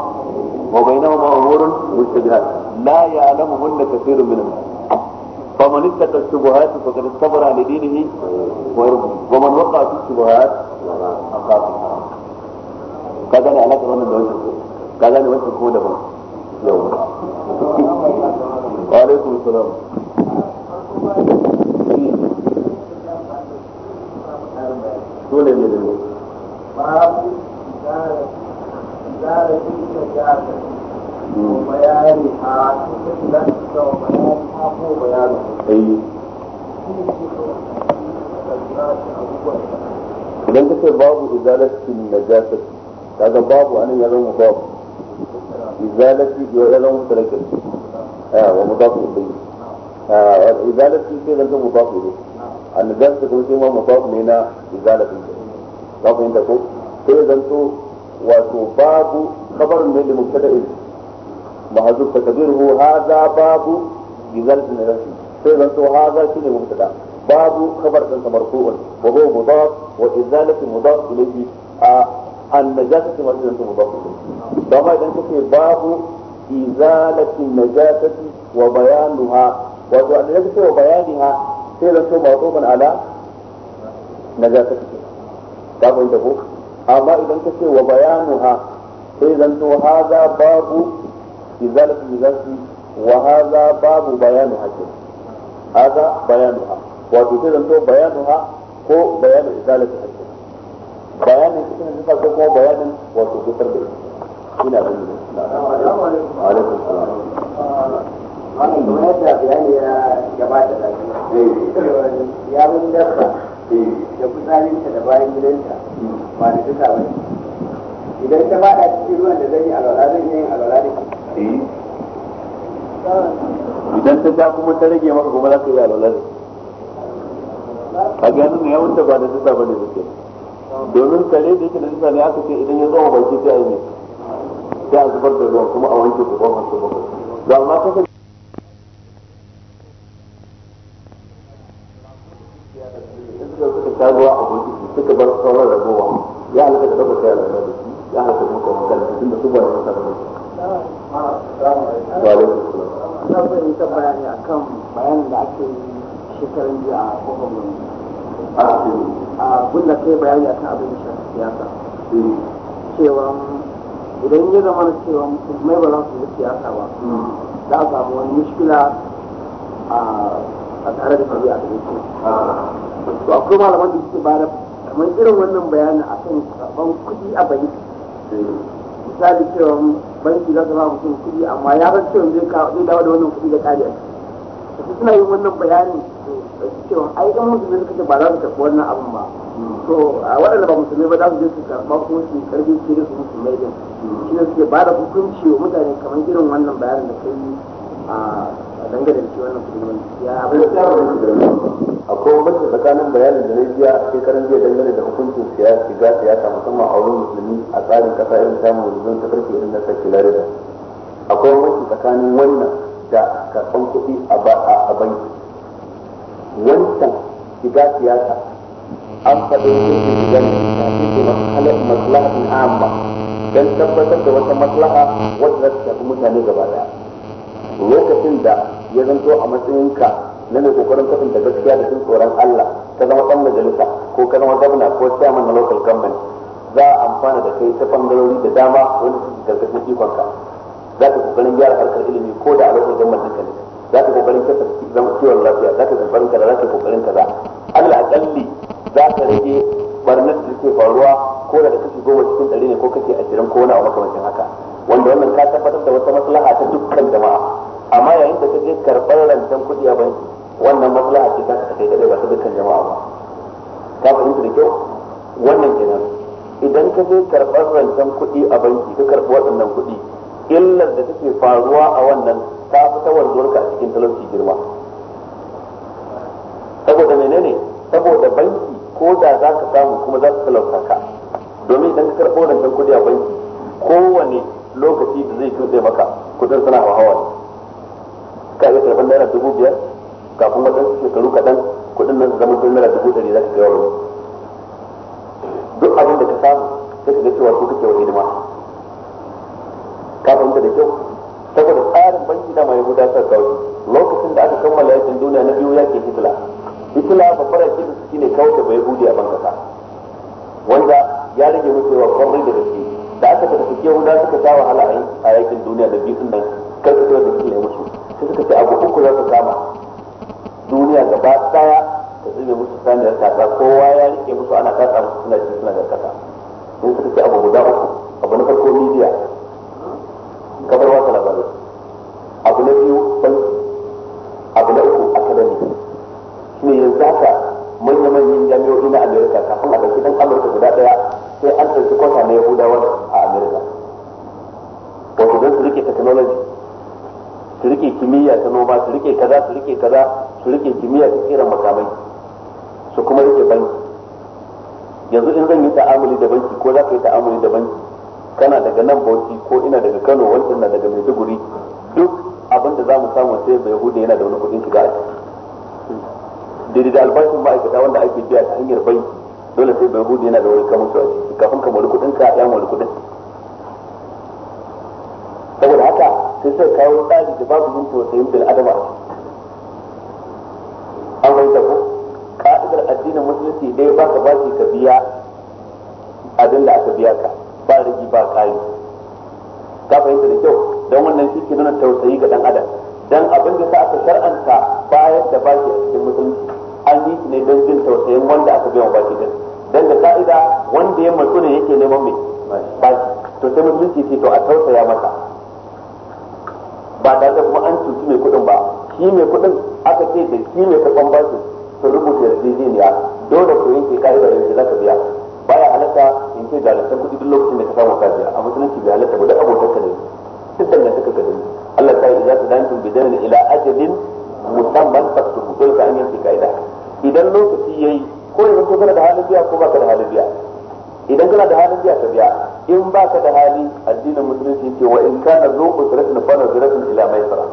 wa bainahuma umurun jihar la ya kathirun min an-nas فمن اتقى الشبهات فقد اصطبر لدينه ومن وقع في الشبهات اخاف قال انا لك من قال انا وجهك هو وعليكم السلام Gracias. وبيانها مثل وبيانها هو بيانه اي idan ka ce babu izalatin najasa kaga babu anan ya zama babu izalati ya zama mutarakin a wa mudafu ilayhi a izalati sai zan zama mudafu ilayhi an najasa kuma sai ma mudafu ne na izalatin ba ku yin ko sai zan to wato babu kabarin ne da mubtada'in mahazuf takdiruhu hadha babu bizal nafsi sai zan so to hadha shine mubtada babu kamar dan marfu'un wa huwa mudaf wa izalatu mudaf ilayhi a an najasati ma zan to mudaf da ma idan kace babu izalatu najasati wa bayanuha wato an najasati wa bayaniha sai zan so to mawdu'un ala najasati ka fahimta ko amma idan kace wa bayanuha sai zan to hadha babu إزالة الميزانس وهذا باب بيانها هذا بيانها وتوتيد أنتو بيانها هو بيان إزالة الحجم بيان الحجم الزفاف هو بيان وتوتيد الحجم هنا بالنسبة عليكم السلام wannan kuma yadda bayani ya gabata da shi ya bin dabba da kusarinta da bayan gidanta ba da duka ba idan ta bada cikin ruwan da zai yi alwala zai yi alwala da Eh? idan ta ja kuma ta rage maka kuma za ka yi alwala a gani ne yawon ta ba da zuta ba ne suke domin kare da yake da zuta ne aka ce idan ya zama baki sai a yi ne sai a zubar da ruwa kuma a wanke kuban wasu bakwai ya ta abin da shafi siyasa cewa idan ya zama da cewa mai ba za su yi siyasa ba za a samu wani mishkila a tare da faru a yake to akwai malaman da suke bada kamar irin wannan bayanin kan karban kuɗi a banki misali cewa banki za su ba mutum kuɗi amma ya san cewa zai dawo da wannan kuɗi da kariya su suna yin wannan bayanin cewa ai ɗan ne suka ce ba za su karɓi wannan abin ba to a waɗanda ba musulmai ba za su je su karɓa ko su karbi ke da su musulmai din shi ne suke bada hukunci wa mutane kamar irin wannan bayanin da kai a dangane da shi wannan musulman ya abin da ya akwai wata tsakanin bayanin da na biya karan jiya dangane da hukuncin shiga siyasa musamman a wurin musulmi a tsarin kasa irin samun wajen ta karfe irin na sakularism akwai wata tsakanin wannan da karɓan kuɗi a banki wancan shiga siyasa an faɗo faɗi hukuncin idan ta fi maslahatin amma don tabbatar da wata maslaha wadda za ta shafi mutane gaba daya lokacin da ya zanto a matsayinka na mai kokarin kasanta gaskiya da cin tsoron Allah ka zama ɗan majalisa ko ka zama gwamna ko chairman na local government za a amfana da kai ta bangarori da dama wanda suke karkashin ikonka za ka kokarin gyara harkar ilimi ko da a local government ɗinka ne za ka kokarin kasar kiwon lafiya za ka kokarin kaza za ka kokarin kaza Allah akalli za ta rage barnar da ke faruwa ko da kashi goma cikin ɗari ne ko kake ashirin ko wani abu makamancin haka wanda wannan ka tabbatar da wata maslaha ta dukkan jama'a amma yayin da ka je karɓar rancen kuɗi a banki wannan maslaha ce ta kai da ba ta dukkan jama'a ba ka fahimta da kyau wannan kenan idan ka je karɓar rancen kuɗi a banki ka karɓi waɗannan kuɗi illar da take faruwa a wannan ta fi ta wanzuwarka a cikin talauci girma saboda menene saboda banki ko da za ka samu kuma za su talauta ka domin idan ka karɓo rancen kudi a banki kowane lokaci da zai tuɗe maka kudin suna hawa ne ka iya karɓar naira dubu biyar kafin waɗansu shekaru kaɗan kudin nan zama tun naira dubu ɗari za ka kai wani duk abin da ka samu sai ka ga cewa su kake wa hidima ka fahimta da kyau saboda tsarin banki da ya gudanar da lokacin da aka kammala yakin duniya na biyu yakin hitler hitila babbar ajiyar su shine kawai da bai hudu a bankasa wanda ya rage mutu yawa kwarai da gaske da aka tafi ke huda suka sha wahala a yakin duniya da biyu nan kar su da suke musu sai suka ce abu uku za su kama duniya gaba daya ta zube musu saniyar kasa kowa ya rike musu ana kasa musu suna ci suna kasa sai suka ce abu guda uku abu na farko midiya kabar wata labarai abu na biyu ɗin amurka guda ɗaya sai an ɗauki kwata na yahudawa a amurka wato don su rike technology su rike kimiyya ta noma su rike kaza su rike kaza su rike kimiyya ta kera makamai su kuma rike banki yanzu in zan yi ta'amuli da banki ko za ka yi ta'amuli da banki kana daga nan bauchi ko ina daga kano wancan na daga maiduguri duk abin da za mu samu sai bai hude yana da wani kuɗin shiga a ciki da albashin ma'aikata wanda ake biya ta hanyar banki dole sai bai hudu yana da wai kamar su a ciki kafin ka mallaki kudin ka ya mallaki kudin saboda haka sai sai kawo tsari da babu yin tausayin bil adama an bai ko ka'idar addinin musulunci dai ba ka baki ka biya abin da aka biya ka ba rigi ba kayi ka fahimta da kyau don wannan shi ke nuna tausayi ga dan adam dan abin da sa aka shar'anta bayar da baki a cikin musulunci an yi shi ne don jin tausayin wanda aka biya baki din dan da ka'ida wanda ya matsu ne yake neman mai baki to sai musulunci ce to a tausaya masa ba da da kuma an tuntu mai kuɗin ba shi mai kuɗin aka ce da shi mai karɓan bashi sun rubuta da ya dole ku yanke ka'ida da za ka biya baya halatta in ce ga lantar kuɗi duk lokacin da ka samu kajiya a musulunci bai halatta ba da abokan ka ne duk ne ka ne Allah ta yi idan ta dantin bidan ila ajalin musamman faktuhu dole ka an su kaida idan lokaci yayi ko idan ko kana da halin biya ko baka da halin biya idan kana da halin biya ka biya in baka da hali addinin musulunci ce wa in kana zo usratin fa nazratun ila maisara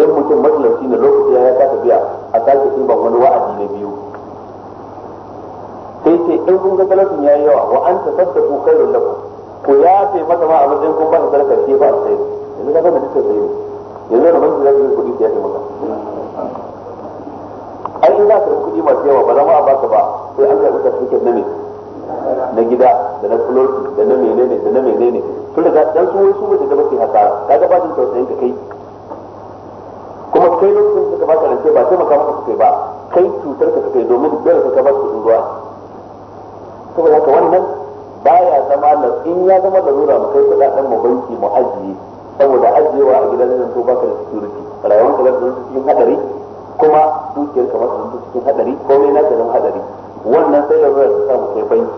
in mutum masallaci ne lokaci ya ta biya a sake ban wani wa'adi na biyu sai ce in kun ga talatin yi yawa wa an ko kai lakum ko ya ce masa ma a matsayin kun ba da sadaka ke ba sai yanzu ka ga mutum sai yanzu da mutum zai yi kuɗi ya ce maka ai za ka kuɗi masu yawa ba zama a baka ba sai an karɓi certificate na me na gida da na fuloti da na menene da na menene sun da dan su wani su wace da bace hasara ta ba jin tausayin ka kai kuma kai lokacin suka baka rance ba sai maka suka yi ba kai cutar ka suka yi domin da ka ba su kuɗin ruwa saboda haka wannan baya zama da in ya zama da rura mu kai kudaden mu banki mu ajiye saboda ajiyewa a gidan nan to baka da security rayuwar ka za ta zama cikin hadari kuma dukiyar ka za ta cikin hadari komai na ta zama hadari wannan sai yarda ta samu kai banki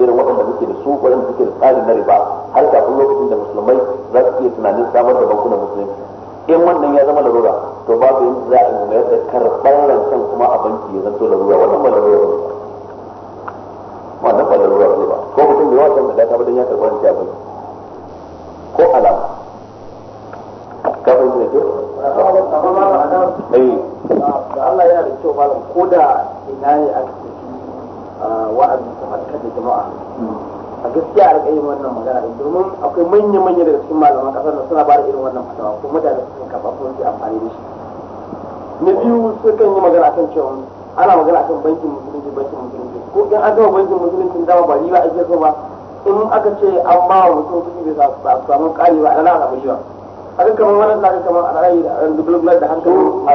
irin waɗanda muke da su waɗanda suke da tsarin na riba har kafin lokacin da musulmai za su iya tunanin samar da bankunan musulunci in wannan ya zama larura to babu yadda za a yi nuna yadda karɓar rancen kuma a banki ya zanto larura wannan ba larura ba wannan ba larura ba ba ko mutum bai wasan da ta bada ya karɓar rancen a banki ko alama ka fahimta ne Eh. da Allah yana da kyau malam ko da ina ne a ah, wa'azi kamar kada jama'a a gaskiya a rika yin wannan magana din domin akwai manya-manya daga cikin malaman kasar da suna bada irin wannan fatawa ko mutane su kafa ko su amfani da shi na biyu sukan yi magana akan cewa ana magana kan bankin musulunci bankin musulunci ko in an gama bankin musulunci dama ba riba ake so ba in aka ce an ba wa mutum kuɗi bai samu ƙari ba ana samu riba abin kamar wannan na kamar ana yi da an dublin da hankali a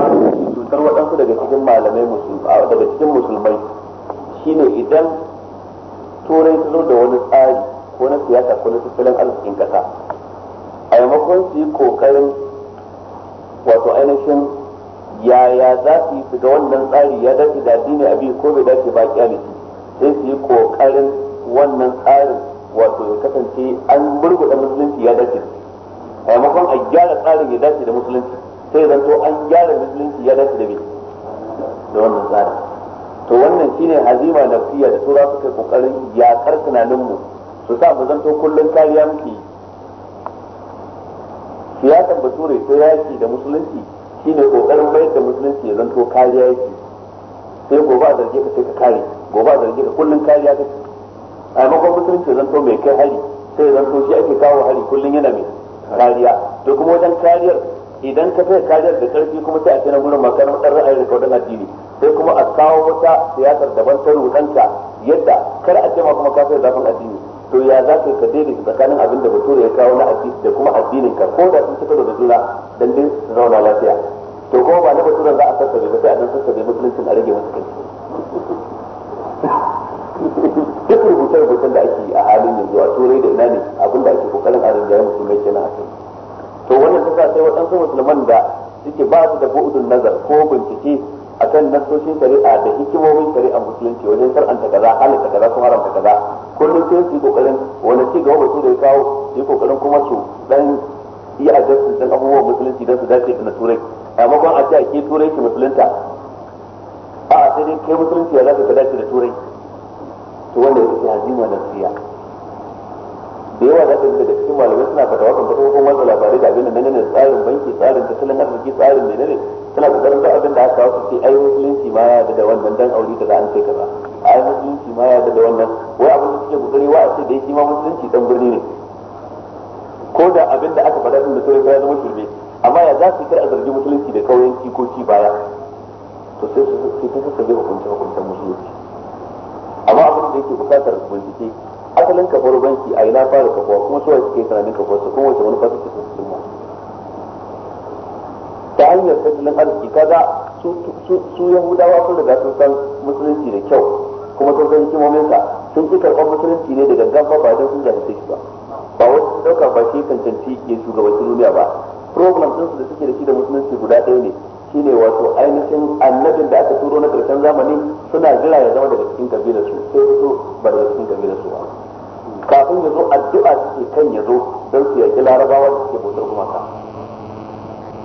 cutar waɗansu daga cikin malamai musulmai daga cikin musulmai shine idan turai ta zo da wani tsari ko na siyasa ko na tattalin arzikin ƙasa a yamakon su yi kokarin wato ainihin yaya za su yi su ga wannan tsari ya dace da addini abin ko bai dace ba kyaliki sai su yi kokarin wannan tsarin wato ya kasance an murguɗa musulunci ya dace da maimakon a gyara tsarin ya dace da musulunci sai zanto an gyara musulunci ya dace da me da wannan tsarin to wannan shine hazima fiya da tura suka kokarin yakar tunanin mu su sa mu zanto kullun kariya muke siyasar bature ta yaki da musulunci shine kokarin bayar da musulunci ya zanto kariya yake sai gobe a zarge ka sai ka kare gobe a zarge ka kullun kariya kake a maimakon musulunci ya zanto mai kai hari sai zanto shi ake kawo hari kullun yana mai kariya to kuma wajen kariyar idan ka kai kariyar da karfi kuma sai a ce na gurin makar dan ra'ayin da wajen addini sai kuma a kawo wata siyasar daban ta rudanta yadda kar a ce ma kuma kafin zafin addini to ya za ka ka daidaita tsakanin abin da bature ya kawo na addini da kuma addinin ka ko da sun cika da juna dan dai su zauna lafiya to kuma ba na bature za a sassa ba sai a dan sassabe musuluncin a rage musu kai [LAUGHS] duk rubuce rubucen da ake a halin yanzu a turai da ina ne abin da ake kokarin a rinjaye musulmai kenan a kai to wannan ta sai waɗansu musulman da suke ba su da bu'udun nazar ko bincike akan nasoshin shari'a da hikimomin shari'a musulunci wajen shar'anta kaza halatta kaza kuma haramta kaza kullum sai su yi kokarin wani ci gaba batu da ya kawo yi kokarin kuma su dan yi adjustment dan abubuwan musulunci don su dace da na turai amma kuma a ce a ke turai ki musulunta a sai dai kai musulunci ya za ka dace da turai to wanda ya ce hazima na siya da yawa za ka da cikin malamai suna fatawa kan fatawa kuma watsa labarai da abin da nan ne tsarin banki tsarin tattalin arziki tsarin menene suna kokarin da abin da aka kawo su ce ai musulunci ma ya da wannan dan aure kaza an ce kaza ai musulunci ma ya da wannan wai abin da suke kokari wa a ce dai shi ma musulunci dan birni ne ko da abin da aka faɗa din da sai ya zama shirme amma ya za su kar a zargi musulunci da kauyanci ko ci baya to sai su sai su bi hukunce hukuncen musulunci amma abin da yake bukatar bincike asalin kafar banki a ina fara kafuwa kuma suwa suke tunanin kafar su kuma wani fasa ke sun ma ta hanyar tattalin arziki kaga su yahudawa sun riga sun san musulunci da kyau kuma sun san sa sun ki karɓar musulunci ne da gangan ba don sun jahilce shi ba ba wani sun ɗauka ba shi canci ya shugabanci duniya ba problem ɗinsu da suke da shi da musulunci guda ɗaya ne shine wato ainihin annabin da aka turo na karshen zamani suna jira ya zama daga cikin kabilar su sai su ba daga cikin kabilar su ba kafin ya zo addu'a suke kan ya zo don su yaki larabawa da suke bautar gumaka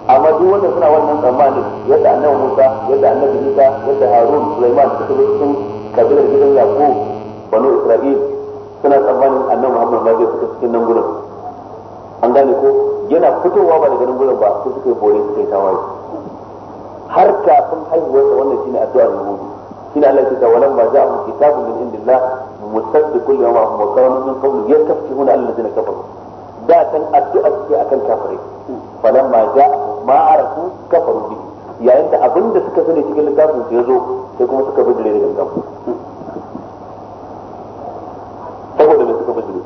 amma duk wanda suna wannan tsammanin yadda annabi Musa yadda annabi Isa yadda Harun Sulaiman da suka cikin kabilar gidan Yaqub banu Isra'il suna tsammanin annabi Muhammad ma zai fita cikin nan gurin an gane ko yana fitowa ba daga nan gurin ba sai suka yi bore su yi tawaye har kafin haihuwarsa wannan shine addu'ar yahudi shine Allah ya ce walan ma ja'u kitabun min indillah musaddiqul lima huwa qawlu min qawli yastafihuna alladhina kafaru da kan addu'a suke akan kafirai falan ma ja'a ma arafu kafaru bihi yayin da abin da suka sani cikin littafin su ya zo sai kuma suka bijire da gangan saboda da suka bijire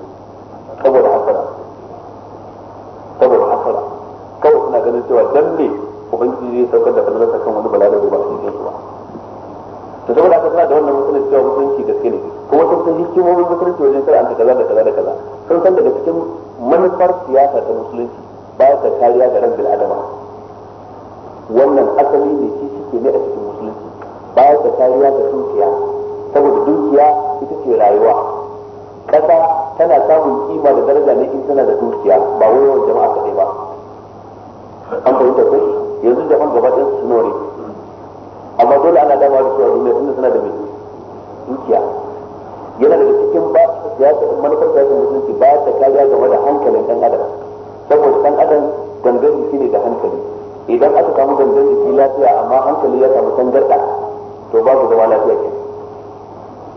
saboda hasara saboda hasara kawai suna ganin cewa dan me ubangiji zai saukar da falalarsa kan wani bala da ba su yi su ba to saboda haka suna da wannan musulunci cewa musulunci gaske ne kuma sun san hikimomin musulunci wajen karanta kaza da kaza da kaza sun san daga cikin manufar siyasa ta musulunci ba ta kariya ga ran bil adama wannan asali ne shi shike ne a cikin musulunci ba ta kariya ga dukiya saboda dukiya ita ce rayuwa ƙasa tana samun kima da daraja ne in tana da dukiya ba wai wa jama'a kaɗai ba an fahimta ko yanzu japan gaba ɗin su nore amma dole ana dama da cewa duniya tunda suna da mai dukiya yana daga cikin ba siyasa manufar siyasar musulunci ba ta kariya game da hankalin ɗan adam saboda ɗan adam gangan jiki ne da hankali idan aka samu gangan jiki lafiya amma hankali ya samu tangarɗa to babu zama lafiya kenan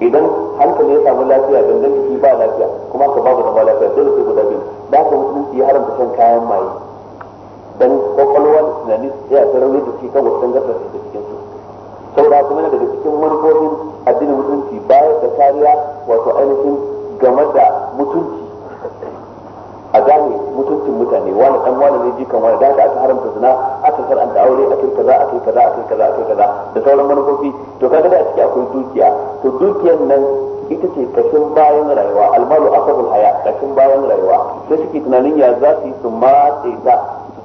idan hankali ya samu lafiya gangan jiki ba lafiya kuma ka babu zama lafiya dole sai guda biyu da haka musulunci ya haramta shan kayan maye dan kwakwalwa da ni ya tsaya ta rauni da shi kan wasu gaba da ke cikin su saboda kuma ne daga cikin manufofin addinin mutunci bayar da kariya wato ainihin game da mutunci a gane mutuncin mutane wani dan wani ne jikan wani da aka haramta zina aka shar'anta aure aka kaza aka kaza aka kaza aka kaza da sauran manufofi to kaga da a ciki akwai dukiya to dukiyan nan ita ce kashin bayan rayuwa almalu asabul haya kashin bayan rayuwa sai suke tunanin ya za su yi su matse ta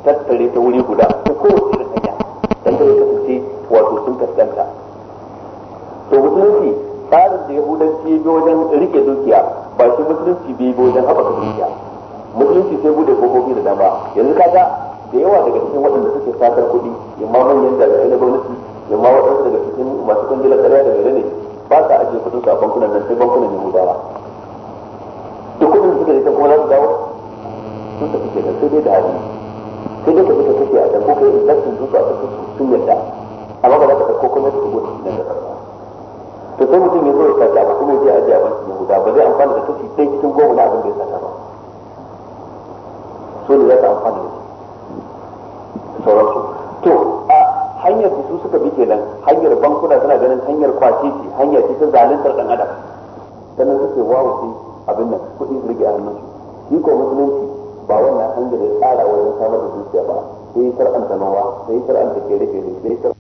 tattare ta wuri guda ta kowace irin hanya dan da kasance wato sun kaskanta to musulunci tsarin da yahudanci ya bi wajen rike dukiya ba shi musulunci bai bi wajen haɓaka dukiya musulunci sai bude kofofi da dama yanzu kaga da yawa daga cikin waɗanda suke fatar kuɗi imma manyan da na gwamnati imma waɗansu daga cikin masu kwangilar ƙarya da gare ne ba sa ajiye kuɗin su a bankunan nan sai bankunan yahudawa duk kuɗin suka yi ta kuma za su dawo sun tafi kenan sai dai da hali sai dai ka bi ka kashe a can ko kai investin duka a kashe sun yadda amma ba za ka ɗauko kuma ta shigo da cikin to sai mutum ya zo ya sace abu kuma ya ajiye a bankin yahuda ba zai amfana da kashi ɗaya cikin goma na abin da ya sata ba so ne za ka amfana da sauransu to a hanyar da su suka bi kenan hanyar bankuna suna ganin hanyar kwace ce hanya ce ta zaluntar ɗan adam sannan suke wawo abin nan kuɗi su rike a hannunsu shi ko musulunci ba wannan hanyar ya tsara wajen samar da dukiya ba sai shar'anta nawa sai shar'anta kere-kere sai